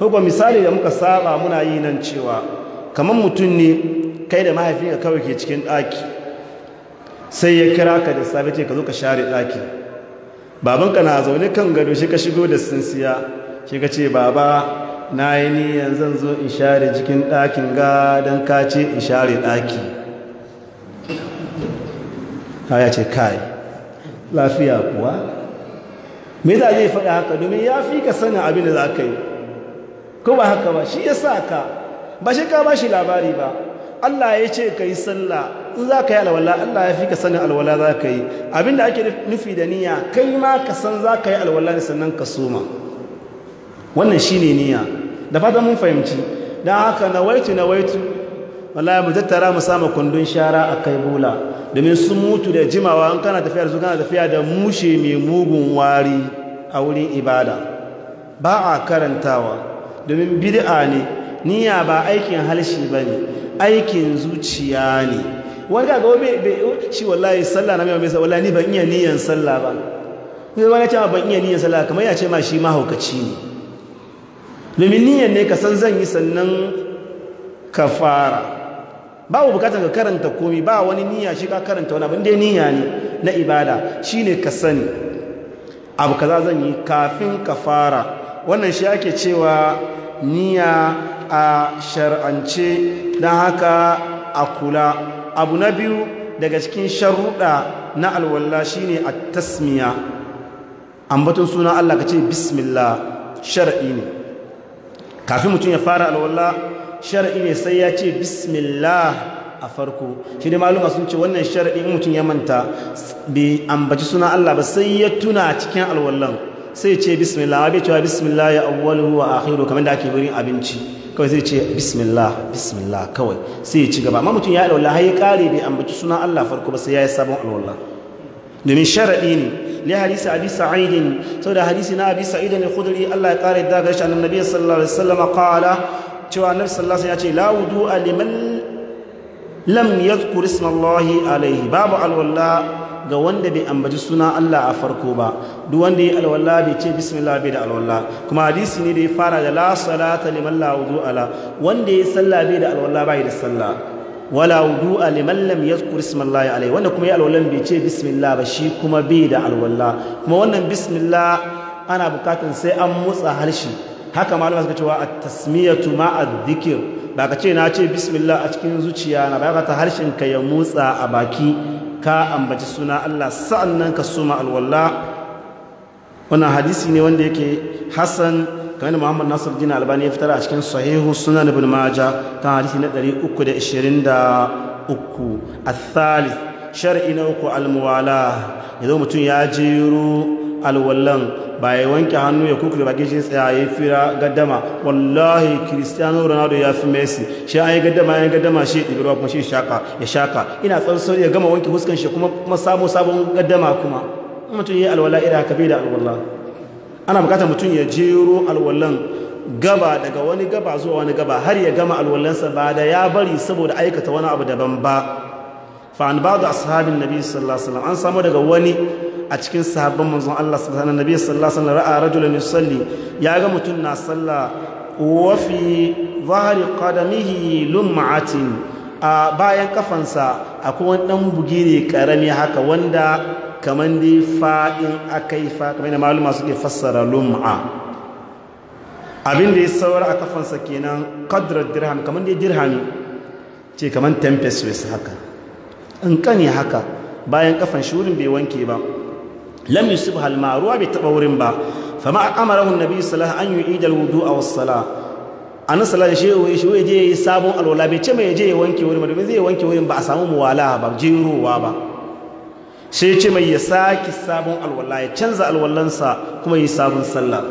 hukwa misali da muka saba muna yi nan cewa kamar mutum ne kai da mahaifinka kawai ke cikin ɗaki sai ya kira ka da safe ce ka zo ka share ɗakin babanka na zaune kan gado shi ka shigo da sinsiya shi ka ce baba na yi niyan zan zo in share jikin ɗakin ga don ka ce in share ɗaki ya ce kai lafiya kuwa me za zai faɗa haka domin ya fi ka sanin abin da za ka yi ko ba haka ba shi ya sa ka ba shi ka ba shi labari ba Allah ya ce ka yi sallah in za ka yi alwala Allah ya fi ka sanin alwala za ka yi abinda ake nufi da niyya kai ma ka san za ka yi alwala ne sannan ka soma wannan shi ne niyya da fata mun fahimci don haka na waitu na waitu wallahi mu tattara mu sama kundin shara a kai bula domin sun mutu da jimawa an kana tafiya da su kana tafiya da mushe mai mugun wari a wurin ibada ba a karantawa domin bid'a ne niyya ba aikin halshi ba ne aikin zuciya ne wani kaga wai bai shi wallahi sallah na mai sa wallahi ni ban iya niyan sallah ba ni wani ce ban iya niyan sallah kamar ya ce ma shi mahaukaci ne domin niyan ne ka san zan yi sannan ka fara Ba wa bukatar ka karanta komi ba wani niyya shi ka karanta wani abin da niyya ne na ibada shi ne ka sani abu kaza zan yi kafin ka fara wannan shi ake cewa niyya a shar'ance don haka a kula abu na biyu daga cikin sharuɗa na alwalla ne a tasmiya ambaton suna Allah ka ce bismillah shara'i ne kafin mutum ya fara alwalla shara'i ne sai ya ce bismillah a farko shi da maluma sun ce wannan sharai in mutum ya manta bai ambaci suna Allah ba sai ya tuna cikin alwallah sai ce bismillah bai cewa bismillah ya awwalu wa akhiru kamar da ake wurin abinci kawai zai ce bismillah bismillah kawai sai ya ci gaba amma mutum ya alwala har ya kare bai ambaci suna Allah farko ba sai ya yi sabon alwala domin sharaɗi ne li hadisi abi sa'id saboda hadisi na abi sa'id Allah ya kare da ga shi annabi sallallahu alaihi wasallam qala cewa annabi sallallahu alaihi wasallam ya ce la wudu'a liman lam yadhkur alaihi babu alwala ga wanda bai ambaci suna Allah a farko ba duk wanda ya alwala bai ce bismillah bai da alwala kuma hadisi ne da ya fara da la salata liman la wudu ala wanda ya sallah bai da alwala bai da sallah wala wudu liman lam yadhkur ismallahi alai wanda kuma ya alwala bai ce bismillah ba shi kuma bai da alwala kuma wannan bismillah ana bukatun sai an motsa harshe haka malama suka cewa at-tasmiyatu ma'a dhikr ba ka ce na ce bismillah a cikin zuciya na ba ka ta harshen ka ya motsa a baki ka ambaci suna Allah sa'annan ka suma alwala wannan hadisi ne wanda yake Hassan kamar da Muhammad Nasir Jina Albani ya fitar a cikin sahihu da ibn maja kan hadisi na 323 الثالث شرعي uku almuwala. Yanzu mutum ya جيرو alwallan ba ya wanke hannu ya kuka bakin shi tsaya ya fira gadama. wallahi cristiano ronaldo ya fi messi shi an yi gadama ya gadama shi ɗibi ruwa kuma shi shaka ya shaka ina tsarsar ya gama wanke huskan shi kuma samu sabon gadama kuma mutum ya yi alwala ira ka da alwala ana bukata mutum ya jero alwalan gaba daga wani gaba zuwa wani gaba har ya gama alwallonsa ba da ya bari saboda aikata wani abu daban ba fa an ba da ashabin nabi sallallahu alaihi wasallam an samu daga wani a cikin sahabban manzon Allah sallallahu alaihi wasallam ra'a rajulan yusalli ya ga mutum na salla wa fi dhahri qadamihi lum'atin a bayan kafansa akwai wani dan bugire karami haka wanda kaman dai fa'in akai fa kaman da malama suke fassara lum'a abin da ya saura a kafansa kenan qadra dirham kaman dai dirhami ce kaman tempest haka in kane haka bayan kafan shurin bai wanke ba lam yusibha alma ruwa bai taba wurin ba fa ma amarahu annabi sallallahu an yu'id alwudu'a was sala an sallallahu alaihi shi je yi sabon alwala bai ce mai je ya wanke wurin domin zai wanke wurin ba a samu muwala ba jerowa ba sai ce mai ya saki sabon alwala ya canza alwallansa kuma yi sabon sallah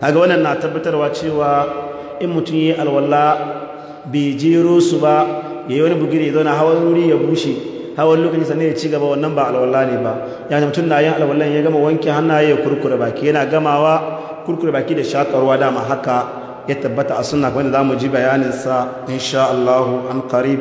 kaga wannan na tabbatarwa cewa in mutum yayi alwala bai jero su ba yayi wani bugire ya zauna hawan wuri ya bushe hawan lokacin sannan ya ci gaba wannan ba alwallah ne ba ya mutum na yin alwala ya gama wanke hannaye ya kurkure baki yana gamawa kurkure baki da shakarwa dama haka ya tabbata a sunna za zamu ji bayanin sa insha Allah an qarib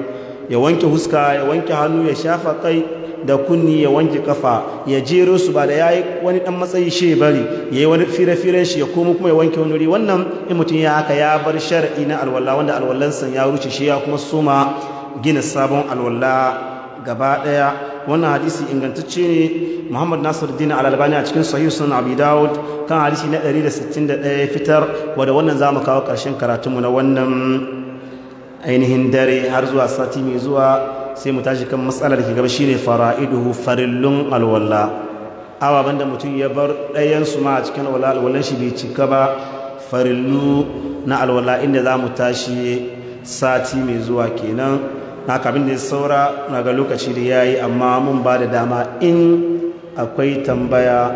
ya wanke huska ya wanke hannu ya shafa kai da kunni ya wanke kafa ya jero su ba da yayi wani dan matsayi shi bari yayi wani fire shi ya komo kuma ya wanke wani wannan in mutum ya haka ya bar shar'i na alwala wanda alwallan ya ruce shi ya kuma suma gina sabon alwallah gaba daya wannan hadisi ingantacce ne muhammad nasir dina al-albani a cikin sahih sunan abi dawud kan hadisi na 161 fitar wadda wannan za mu kawo karshen karatunmu na wannan ainihin dare har zuwa sati mai zuwa sai mu tashi kan matsalar ke gaba shine fara'iduhu farillun alwalla awa banda mutum ya bar ɗayan su ma a cikin alwala shi bai cika ba farillu na alwala inda za mu tashi sati mai zuwa kenan haka abin da saura na ga lokaci da ya yi amma mun ba da dama in akwai tambaya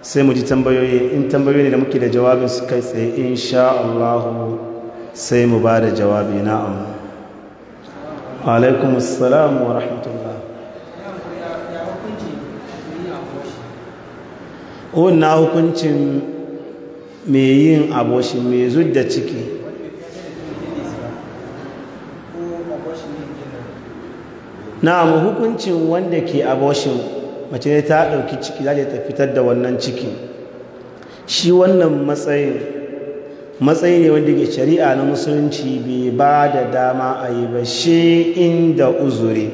sai mu ji tambayoyi in tambayoyi ne da muke da jawabin su kai tsaye sha Allahu sai mu ba da jawabi na'am alaikum assalam wa rahmatullah wannan hukuncin mai yin aboshin mai zudda ciki na'am hukuncin wanda ke abortion mace ne ta ɗauki ciki za ta fitar da wannan ciki shi wannan matsayin matsayi ne wanda ke shari'a na musulunci bai ba da dama a yi ba shi inda uzuri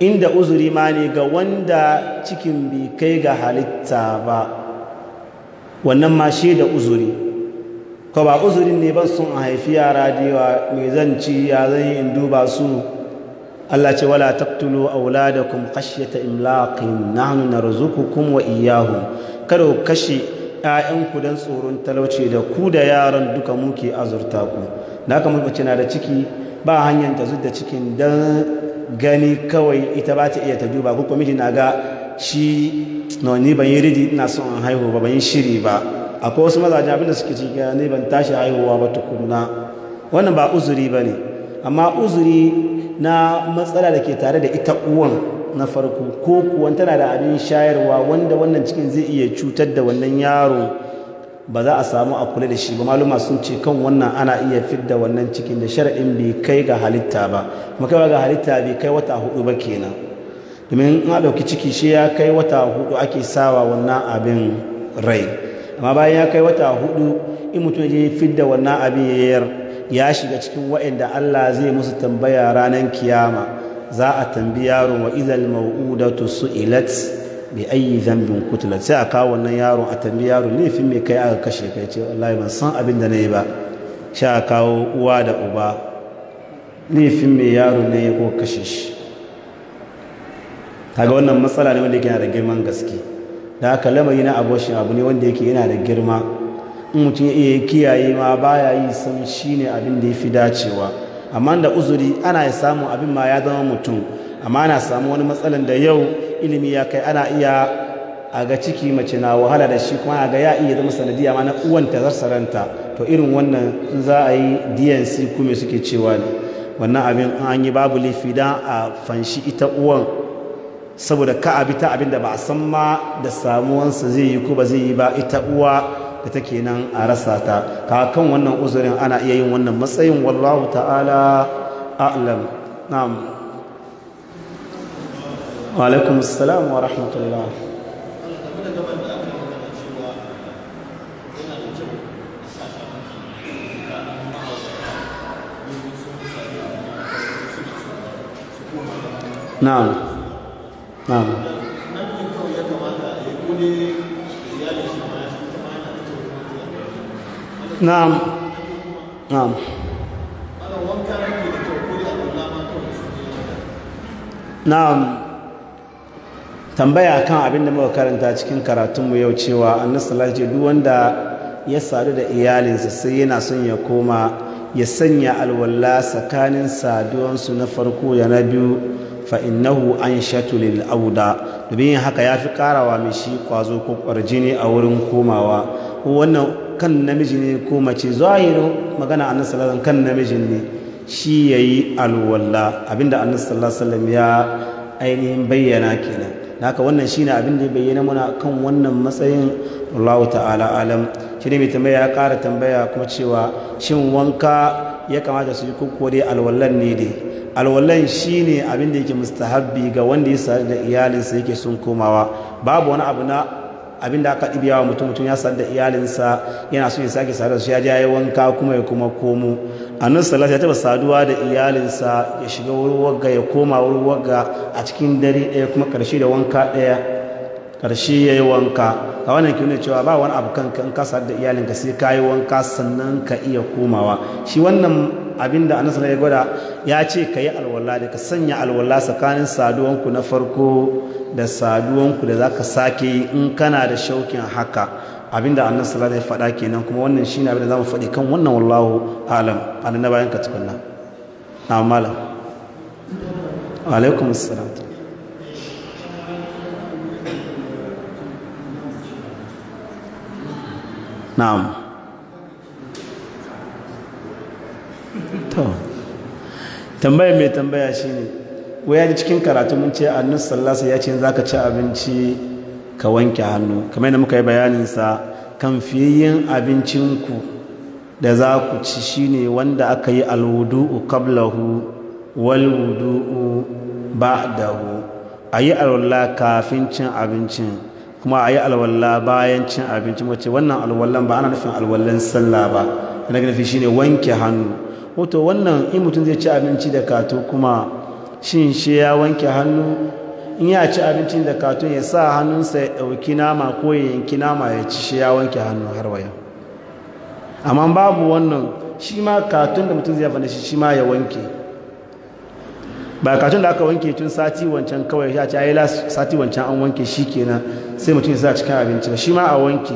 inda uzuri ma ne ga wanda cikin bai kai ga halitta ba wannan ma shi da uzuri ko ba uzurin ne ban sun haifi yara da yawa mai zan ci ya zan yi in duba su Allah ce wala taqtulu auladakum khashyata imlaqin nahnu narzuqukum wa iyyahum kada ku kashe ƴaƴanku dan tsoron talauci da ku da yaran duka muke azurta ku na kamar mace na da ciki ba hanyar ta cikin dan gani kawai ita ba ta iya ta duba ko kuma na ga shi no ni ban yi riji ina son an haihu ba ban yi shiri ba akwai wasu mazaje abinda suke ciki ne ban tashi haihuwa ba tukunna wannan ba uzuri bane amma uzuri na matsala da ke tare da ita uwan na farko ko kuwan tana da abin shayarwa wanda wannan cikin zai iya cutar da wannan yaro ba za a samu a kula da shi ba maluma sun ce kan wannan ana iya fidda wannan cikin da shari'in bai kai ga halitta ba makawa ga halitta bai kai wata hudu ba kenan domin in ɗauki ciki shi ya kai wata hudu ake sawa wannan abin rai amma bayan ya kai wata hudu in mutum ya je fidda wannan abin ya yayar ya shiga cikin waɗanda Allah zai musu tambaya ranar kiyama za a tambi yaron wa idal mau'udatu su'ilat bi ayyi dhanbin kutilat sai a kawo wannan yaron a tambi yaron laifin me kai aka kashe kai ce wallahi ban san abin da nayi ba Sai a kawo uwa da uba laifin me na ne ko kashe shi kaga wannan matsala ne wanda yake yana da girman gaske da haka lamari na shi abu ne wanda yake yana da girma in mutum ya iya kiyaye ma baya yi san ne abin da ya fi dacewa amma da uzuri ana ya samu abin ma ya zama mutum amma ana samu wani matsalan da yau ilimi ya kai ana iya a ga ciki mace na wahala da shi kuma ga ya iya zama sanadiyya ma na uwan ta to irin wannan za a yi dnc kuma suke cewa ne wannan abin an yi babu laifi da a fanshi ita uwan saboda ka abi ta abin da ba a san ma da samuwansa zai yi ko ba zai yi ba ita uwa da take nan a rasa ta kakan wannan uzurin ana iya yin wannan matsayin wallahu ta'ala a'lam na'am wa alaikum assalam wa rahmatullah na'am na'am na'am tambaya kan abin da muka karanta cikin karatunmu yau cewa annabi sallallahu alaihi duk wanda ya sadu da iyalinsa sai yana son ya koma ya sanya alwala tsakanin saduwansu na farko ya na biyu fa innahu an shatulil auda domin haka ya fi karawa mai shi kwazo ko kwarjini a wurin komawa wannan kan namiji ne ko mace zahiru magana annabi sallallahu kan namijin ne shi yayi alwala abinda annabi sallallahu alaihi ya ainihin bayyana kenan aka wannan shine abin da ya bayyana muna kan wannan matsayin Allah ta'ala alam shi ne mai tambaya ya ƙara tambaya kuma cewa shin wanka ya kamata su yi kukuwa dai alwallan ne dai alwallan shi ne abin da yake mustahabbi ga wanda ya sa da iyalinsa yake sun komawa babu wani abu na abin da aka ɗibiya wa mutum mutum ya da iyalinsa yana so ya sake sadar ya ja ya wanka kuma ya kuma komo annan salasa ya taba saduwa da iyalinsa ya shiga wurwaga ya koma wurwaga a cikin dare ɗaya kuma ƙarshe da wanka ɗaya ƙarshe ya yi wanka a wannan ke cewa ba wani abu kan in da iyalinka sai ka yi wanka sannan ka iya komawa shi wannan abinda annabi ya gwada ya ce ka yi alwala da ka sanya alwala tsakanin saduwanku na farko da saduwanku da za ka sake yi in kana da shaukin haka abinda annabi sallallahu ya faɗa kenan kuma wannan shi ne abinda zamu faɗi kan wannan wallahu alam anan na bayan ka tukunna na malam alaikum assalam na'am to tambaya mai tambaya shine waya wayani cikin karatu mun ce annabi sallasa ya ce za ka ci abinci ka wanke hannu kamar yadda muka yi bayanin sa kan fiyin abincinku da za ku ci shi ne wanda aka yi alwudu'u ba da hu a yi alwala kafin cin abincin kuma a yi alwallah bayan cin abincin wacce wannan alwallan ba ana nufin alwallan sallah ba fi nufi ne wanke hannu wato wannan in mutum zai ci abinci da kato kuma shin shi ya wanke hannu in ya ci abincin da kato ya sa hannunsa ya ɗauki nama ko ya yanki nama ya ci shi ya wanke hannu har waya amma babu wannan shi ma katon da mutum zai fana shi shi ma ya wanke ba katon da aka wanke tun sati wancan kawai ya ci a yi sati wancan an wanke shi kenan sai mutum ya sa cikin abinci ba shi ma a wanke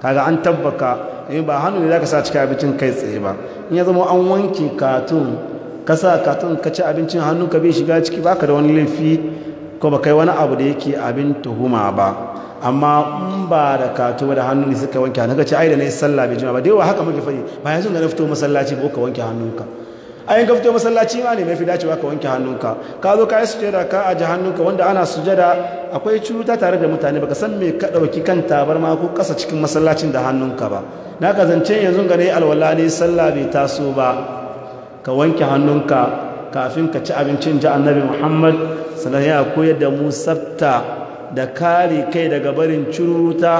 kaga an tabbaka in eh, ba hannu ne za ka sa cikin abincin kai tsaye ba in ya zama an wanke katun ka sa katun ka ci abincin hannu ka bai shiga ciki ba ka da wani laifi ko ba kai wani abu da yake abin tuhuma ba amma in ba da kato ba da hannu ne suka wanke hannu ka ce ai na yi sallah bai jima ba dai wa haka muke fari ba yanzu da na fito masallaci ba ka wanke hannunka ayin ka fito masallaci ma ne mafi dacewa ka wanke hannunka ka zo ka yi sujada ka aji hannunka wanda ana sujada akwai cuta tare da mutane baka san me ka dauki kan tabarma ko ƙasa cikin masallacin da hannun ka ba na kazance yanzu ga ne alwala ne sallah bai taso ba ka wanke hannunka kafin ka ci abincin ji annabi muhammad sannan ya koyar da mu sabta da kare kai daga barin curuta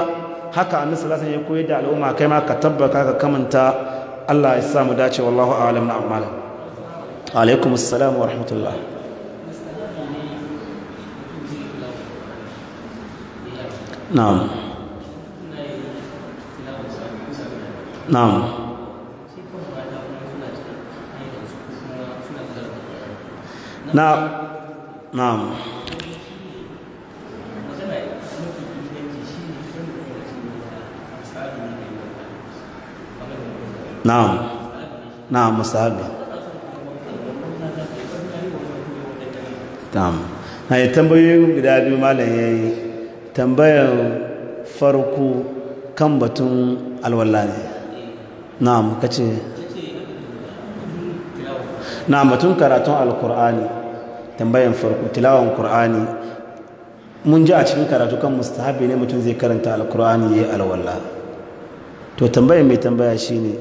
haka annabi sallallahu alaihi ya koyar da al'umma kai ma ka tabbaka ka kamanta Allah ya samu dace wallahu a'lam na amala alaikum assalam wa rahmatullah na'am na'am na na'am na'am na'am musabi na'am na yi tambayoyin guda biyu malam ya yi tambayar farko kan batun alwala ne na'am kace na mutum karatun alkur'ani tambayan farko tilawan kur'ani mun ji a cikin karatu kan mustahabi ne mutum zai karanta alkur'ani ya yi alwala to tambayan mai tambaya shine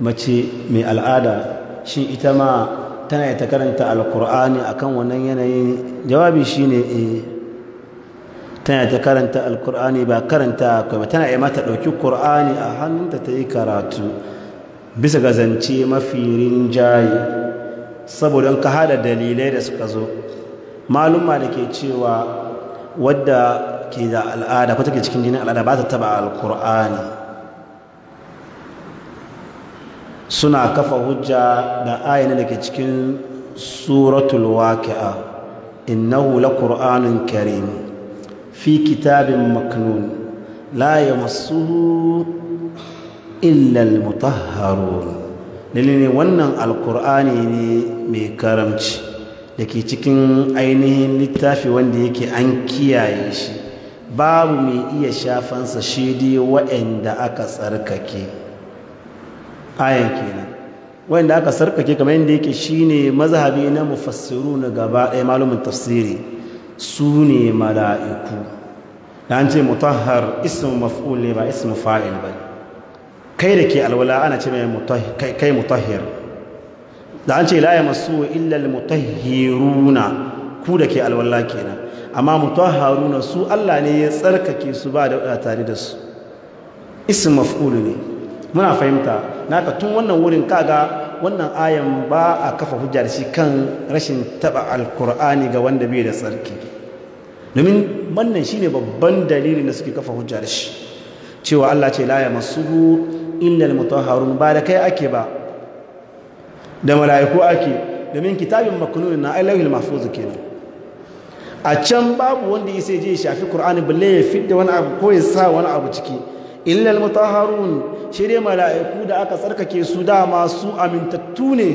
mace mai al'ada shi ita ma tana ta karanta alkur'ani akan wannan yanayi jawabi shine eh tana ta karanta alkur'ani ba karanta kuma tana yi mata ɗauki kur'ani a hannunta ta yi karatu bisa ga zance mafi rinjaye saboda ka hada dalilai da suka zo malumma da ke cewa wadda ke da al'ada kwata ke cikin jinin al'ada ba ta taba alkur'ani suna kafa hujja da ayyana da ke cikin suratul waqi'a innahu ƙur'anin karim fi kitabin maknun la masu? illal mutahharun ne wannan alkur'ani ne mai karamci da ke cikin ainihin littafi wanda yake an kiyaye shi babu mai iya shafansa shi dai wa'anda aka tsarkake ayan kenan wa'anda aka tsarkake kamar yadda yake shine mazhabi na mufassiru na gaba ɗaya malumin tafsiri su ne mala'iku da an ce mutahar ism maf'ul ne ba ismu fa'il ba kai da ke alwala ana ce mai kai mutahiyar. da an ce la yamassu illal almutahhiruna ku da ke alwala kenan amma mutaharuna su Allah ne ya tsarkake su ba da tare da su ism maf'ulu ne muna fahimta na naka tun wannan wurin kaga wannan ayan ba a kafa hujja shi kan rashin taba alkur'ani ga wanda bai da tsarki domin wannan shine babban dalilin da suke kafa hujja shi cewa Allah ce la masu innal mutahharun ba da kai ake ba da mala'iku ake domin kitabin maknun na allahul mahfuz kenan a can babu wanda ya sai je shafi qur'ani balle ya fidda wani abu ko ya sa wani abu ciki illal mutahharun shi dai mala'iku da aka tsarkake su dama su amintattu ne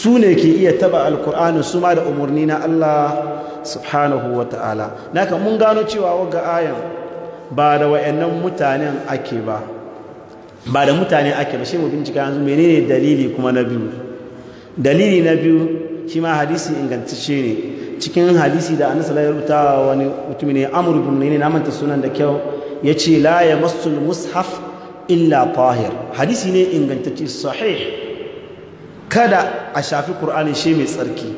su ne ke iya taba alkur'ani su ma da umarni na Allah subhanahu wa ta'ala naka mun gano cewa waga ayan ba da wayannan mutanen ake ba ba da mutane ake ba shi mu bincika yanzu menene dalili kuma na biyu dalili na biyu shi ma hadisi ingantacce ne cikin hadisi da annabi sallallahu alaihi wasallam wani mutum ne amr ibn ne na manta sunan da kyau yace la yamassul mushaf illa tahir hadisi ne ingantacce sahih kada a shafi qur'ani shi mai tsarki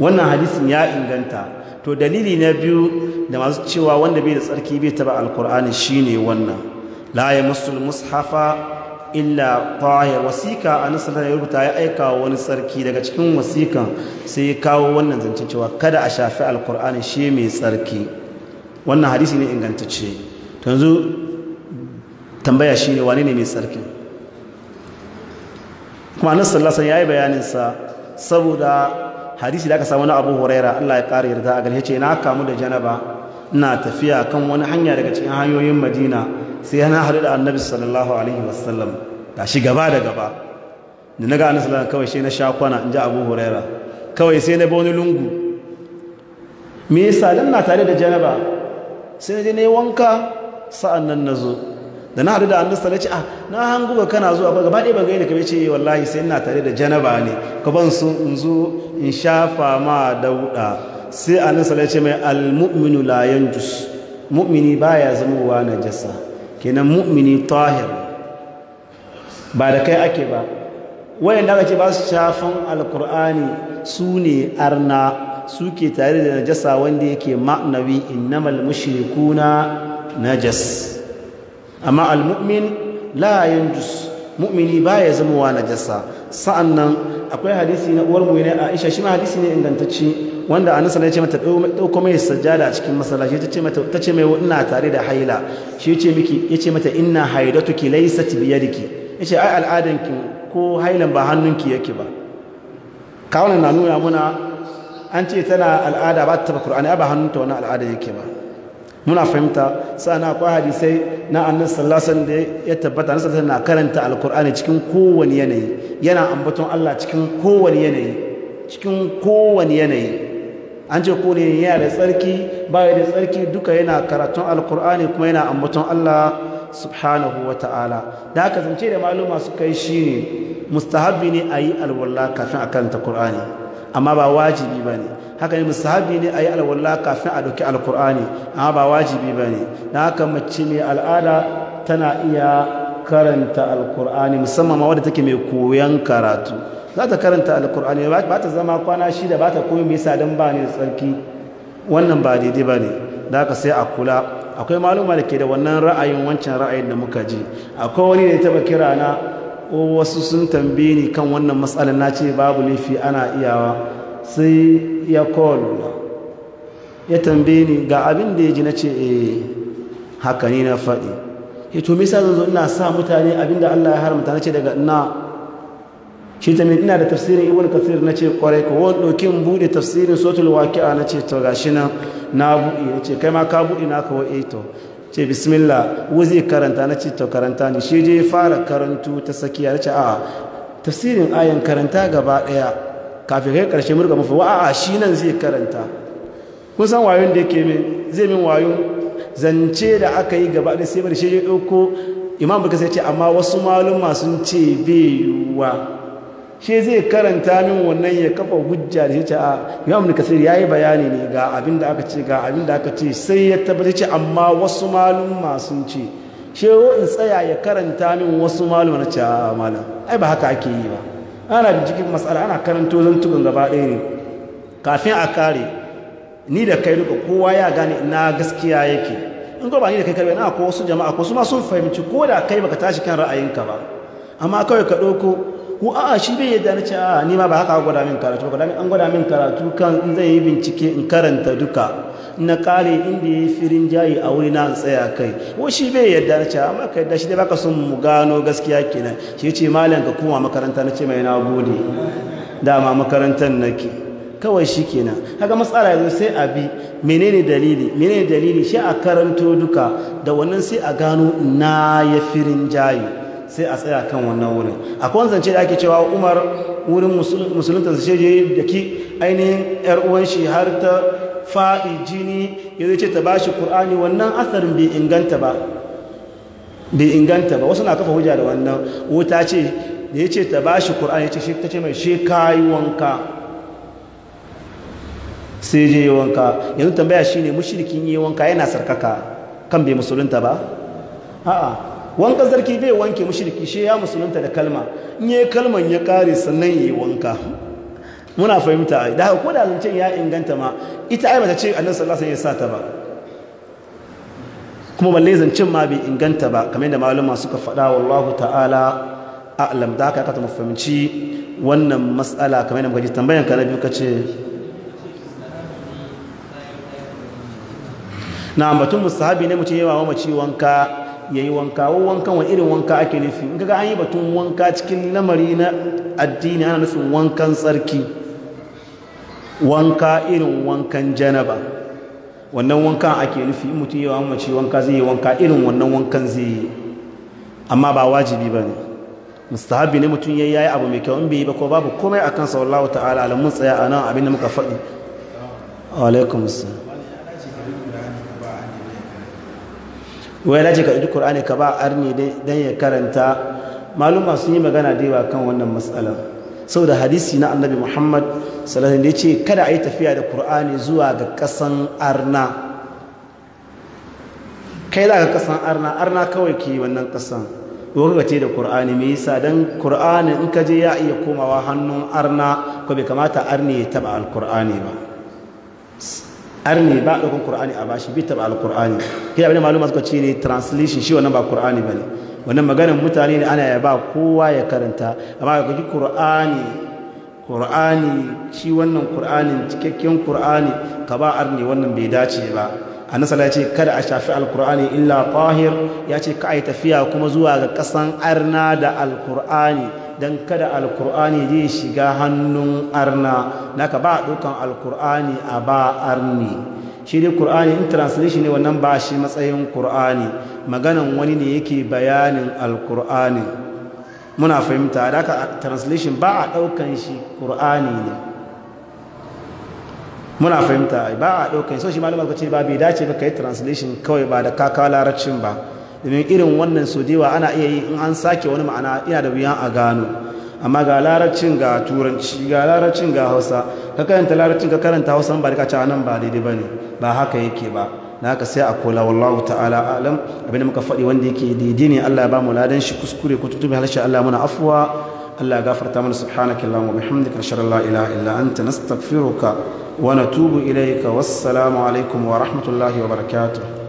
wannan hadisin ya inganta to dalili na biyu da masu cewa wanda bai da tsarki bai taba alqur'ani shine wannan la ya musul mushafa illa tahir wasika a nasarar ya rubuta ya aika wani sarki daga cikin wasikan sai ya kawo wannan zancen cewa kada a shafi alkur'ani shi mai tsarki wannan hadisi ne ingantacce to yanzu tambaya shi ne wani ne mai tsarki kuma anas sallallahu alaihi ya yi bayaninsa saboda hadisi da aka samu na abu huraira allah ya ƙara yarda a gare ce na kamu da janaba ina tafiya kan wani hanya daga cikin hanyoyin madina sai yana haɗu da annabi sallallahu alaihi wasallam ga shi gaba da gaba da na ga annabi sallallahu kawai shi na sha kwana in ji abu huraira kawai sai na wani lungu me yasa dan na tare da janaba sai na je na yi wanka sa'an nan na zo da na haɗu da annabi sallallahu ce ah na hangu ga kana zuwa gaba ɗaya ban gani ka ce eh, wallahi sai ina tare da janaba ne ka ban su in zo in shafa ma dauda sai annabi sallallahu ce mai al-mu'minu la yanjus mu'mini baya zamowa najasa kenan mu'mini tahir ba da kai ake ba wayanda aka ce ba su shafan alkur'ani su ne arna suke tare da najasa wanda yake ma'nawi innamal mushrikuna najas amma almu'min la yanjus mu'mini baya zama wa najasa sa'annan akwai hadisi na uwar mu ne Aisha shi ma hadisi ne ingantacce wanda a nasarar ya ce mata dauko mai sajjada a cikin matsala shi ta ce mai ina tare da haila shi ya ce miki ya ce mata ina inna haidatuki da ki ya ce ai al'adanki ko hailan ba hannunki yake ba kawunan na nuna muna an ce tana al'ada ba ta taba kur'ani ba hannunta wani al'ada yake ba muna fahimta sana akwai hadisai na annabi sallallahu alaihi da ya tabbata annabi sallallahu na karanta alkur'ani cikin kowane yanayi yana ambaton Allah cikin kowane yanayi cikin kowane yanayi an ce ko ne yana da tsarki baya da tsarki duka yana karatun alkur'ani kuma yana ambaton Allah subhanahu wa ta'ala da aka zance da maluma su kai shi ne mustahabi ne a yi alwalla kafin a karanta kur'ani amma ba wajibi ba ne haka ne mustahabi ne a yi alwalla kafin a ɗauki alkur'ani amma ba wajibi ba ne da haka mace mai al'ada tana iya karanta alkur'ani musamman ma wadda take mai koyon karatu za ta karanta alkur'ani ba ta zama kwana shida ba ta koyi mai sadan ba ne da tsarki wannan ba daidai ba ne da aka sai a kula akwai maluma da ke da wannan ra'ayin wancan ra'ayin da muka ji akwai wani ne ya taba kira na wasu sun tambaye ni kan wannan matsalar na ce babu laifi ana iyawa sai ya kowalwa ya tambaye ni ga abin da ya ji na ce eh haka ni na faɗi ya to misa zan zo ina sa mutane abin da allah ya haramta na ce daga ina shi ta mai ina da tafsirin ibn kathir na ce kwarai ko wani ɗokin buɗe tafsirin sotul waƙi'a na ce to gashi nan na buɗe ya ce kai ma ka buɗe na kawo eto. Eh to ce bismillah wuzi karanta na ce to karanta ne shi je fara karantu ta sakiya na ce a tafsirin ayan karanta gaba ɗaya kafin kai ƙarshe murga mafi wa a shi nan zai karanta kun san wayon da yake min zai min wayo zance da aka yi gaba ɗaya sai bari shi je ɗauko imam bukasa ya ce amma wasu maluma sun ce bai yiwuwa shi zai karanta min wannan ya kafa hujja da yace a Imam Kasir yayi bayani ne ga abin da aka ce ga abin da aka ce sai ya tabbata ce amma wasu malumma sun ce she in tsaya ya karanta min wasu malumma na ce malam ai ba haka ake yi ba ana cikin mas'ala ana karanto zantukan gaba ɗaya ne kafin a kare ni da kai duka kowa ya gane ina gaskiya yake in ko ba ni da kai karbe na ko wasu jama'a ko su ma sun fahimci ko da kai baka tashi kan ra'ayinka ba amma kawai ka ɗauko ko a shi bai yadda na ce ni ma ba haka gwada min karatu gwada an gwada min karatu kan zai yi bincike in karanta duka na kare inda ya yi firin jayi a wuri na tsaya kai ko shi bai yadda na ce amma ka yadda shi dai baka son mu gano gaskiya kenan shi ce malam ka kuma makaranta na ce mai na gode dama makarantar nake kawai shi kenan haka matsala yanzu sai a bi menene dalili menene dalili shi a karanto duka da wannan sai a gano na ya firin jayi sai a tsaya kan wannan wurin akwai zance da ake cewa umar wurin musulunta su je da ki ainihin yar uwan shi har ta faɗi jini ya zai ce ta bashi Kur'ani wannan asarin bai inganta ba bai inganta ba wasu na kafa hujja da wannan wuta ce da ya ce ta bashi Kur'ani ta ce mai shi kayi wanka sai je wanka yanzu tambaya shine mushrikin yi wanka yana sarkaka kan bai musulunta ba a'a wanka zarki bai wanke mushriki shi ya musulunta da kalma in yi kalman ya kare sannan yi wanka muna fahimta yi da ko da zancen ya inganta ma ita ai bata ce a nan salasa ya sa ta ba kuma balle zancen ma bai inganta ba kamar da malama suka faɗa wallahu ta'ala a da ka kata mafahimci wannan matsala kamar yadda muka ji tambayan ka na biyu kace na batun musahabi ne mutum yawa mamaci wanka ya yi wanka wa wankan wani irin wanka ake nufi in kaga an yi batun wanka cikin lamari na addini ana nufin wankan tsarki wanka irin wankan janaba wannan wankan ake nufi in mutum yawa mace wanka zai yi wanka irin wannan wankan zai yi amma ba wajibi ba ne mustahabi ne mutum ya yi abu mai kyau in bai yi ba ko babu komai akan sallallahu ta'ala alamun tsaya a nan abin da muka faɗi alaikum salam wai laje ka ɗauki ƙur'ani ka ba arni don ya karanta maluma sun yi magana da yawa kan wannan matsalar saboda hadisi na annabi muhammad sallallahu da ya ce kada a yi tafiya da ƙur'ani zuwa ga ƙasan arna kai za ka ƙasan arna arna kawai ke wannan ƙasan wurgace da ƙur'ani mai yasa don ƙur'ani in ka je ya iya komawa hannun arna ko bai kamata arni ya taɓa alƙur'ani ba arni ba ɗaukan qur'ani a bashi bi taɓa alqur'ani kida abin maluma suka ce ne translation shi wannan ba qur'ani bane wannan maganar mutane ne ana ya ba kowa ya karanta amma ka ji qur'ani Kur'ani shi wannan Kur'anin cikakken Kur'ani ka ba arni wannan bai dace ba A ya ce kada a shafi alkur'ani illa tahir ya ce ka ai tafiya kuma zuwa ga kasan arna da alkur'ani don kada alkur'ani zai shiga hannun arna ka ba dukan alkur'ani a ba arni shi dai kur'ani in translation ne wannan ba shi matsayin kur'ani maganan wani ne yake bayanin alkur'ani muna fahimta da ka translation ba a daukan shi kur'ani ne muna fahimta ba a daukan so shi malama ka ce ba bai dace ba ka yi translation kawai ba da kaka larabcin ba domin irin wannan sojewa ana iya yi in an sake wani ma'ana ina da wuyan a gano amma ga laracin ga turanci ga laracin ga hausa ka karanta laracin ka karanta hausa ba da ka nan ba daidai ba ne ba haka yake ba na haka sai a kola wallahu ta'ala alam da muka faɗi wanda yake daidai ne allah ya ba mu ladan shi kuskure ko tutubi halashe allah muna afuwa الله غفر تمن سبحانك اللهم وبحمدك نشهد ان لا na الا انت نستغفرك ونتوب اليك alaikum wa rahmatullahi wa barakatuh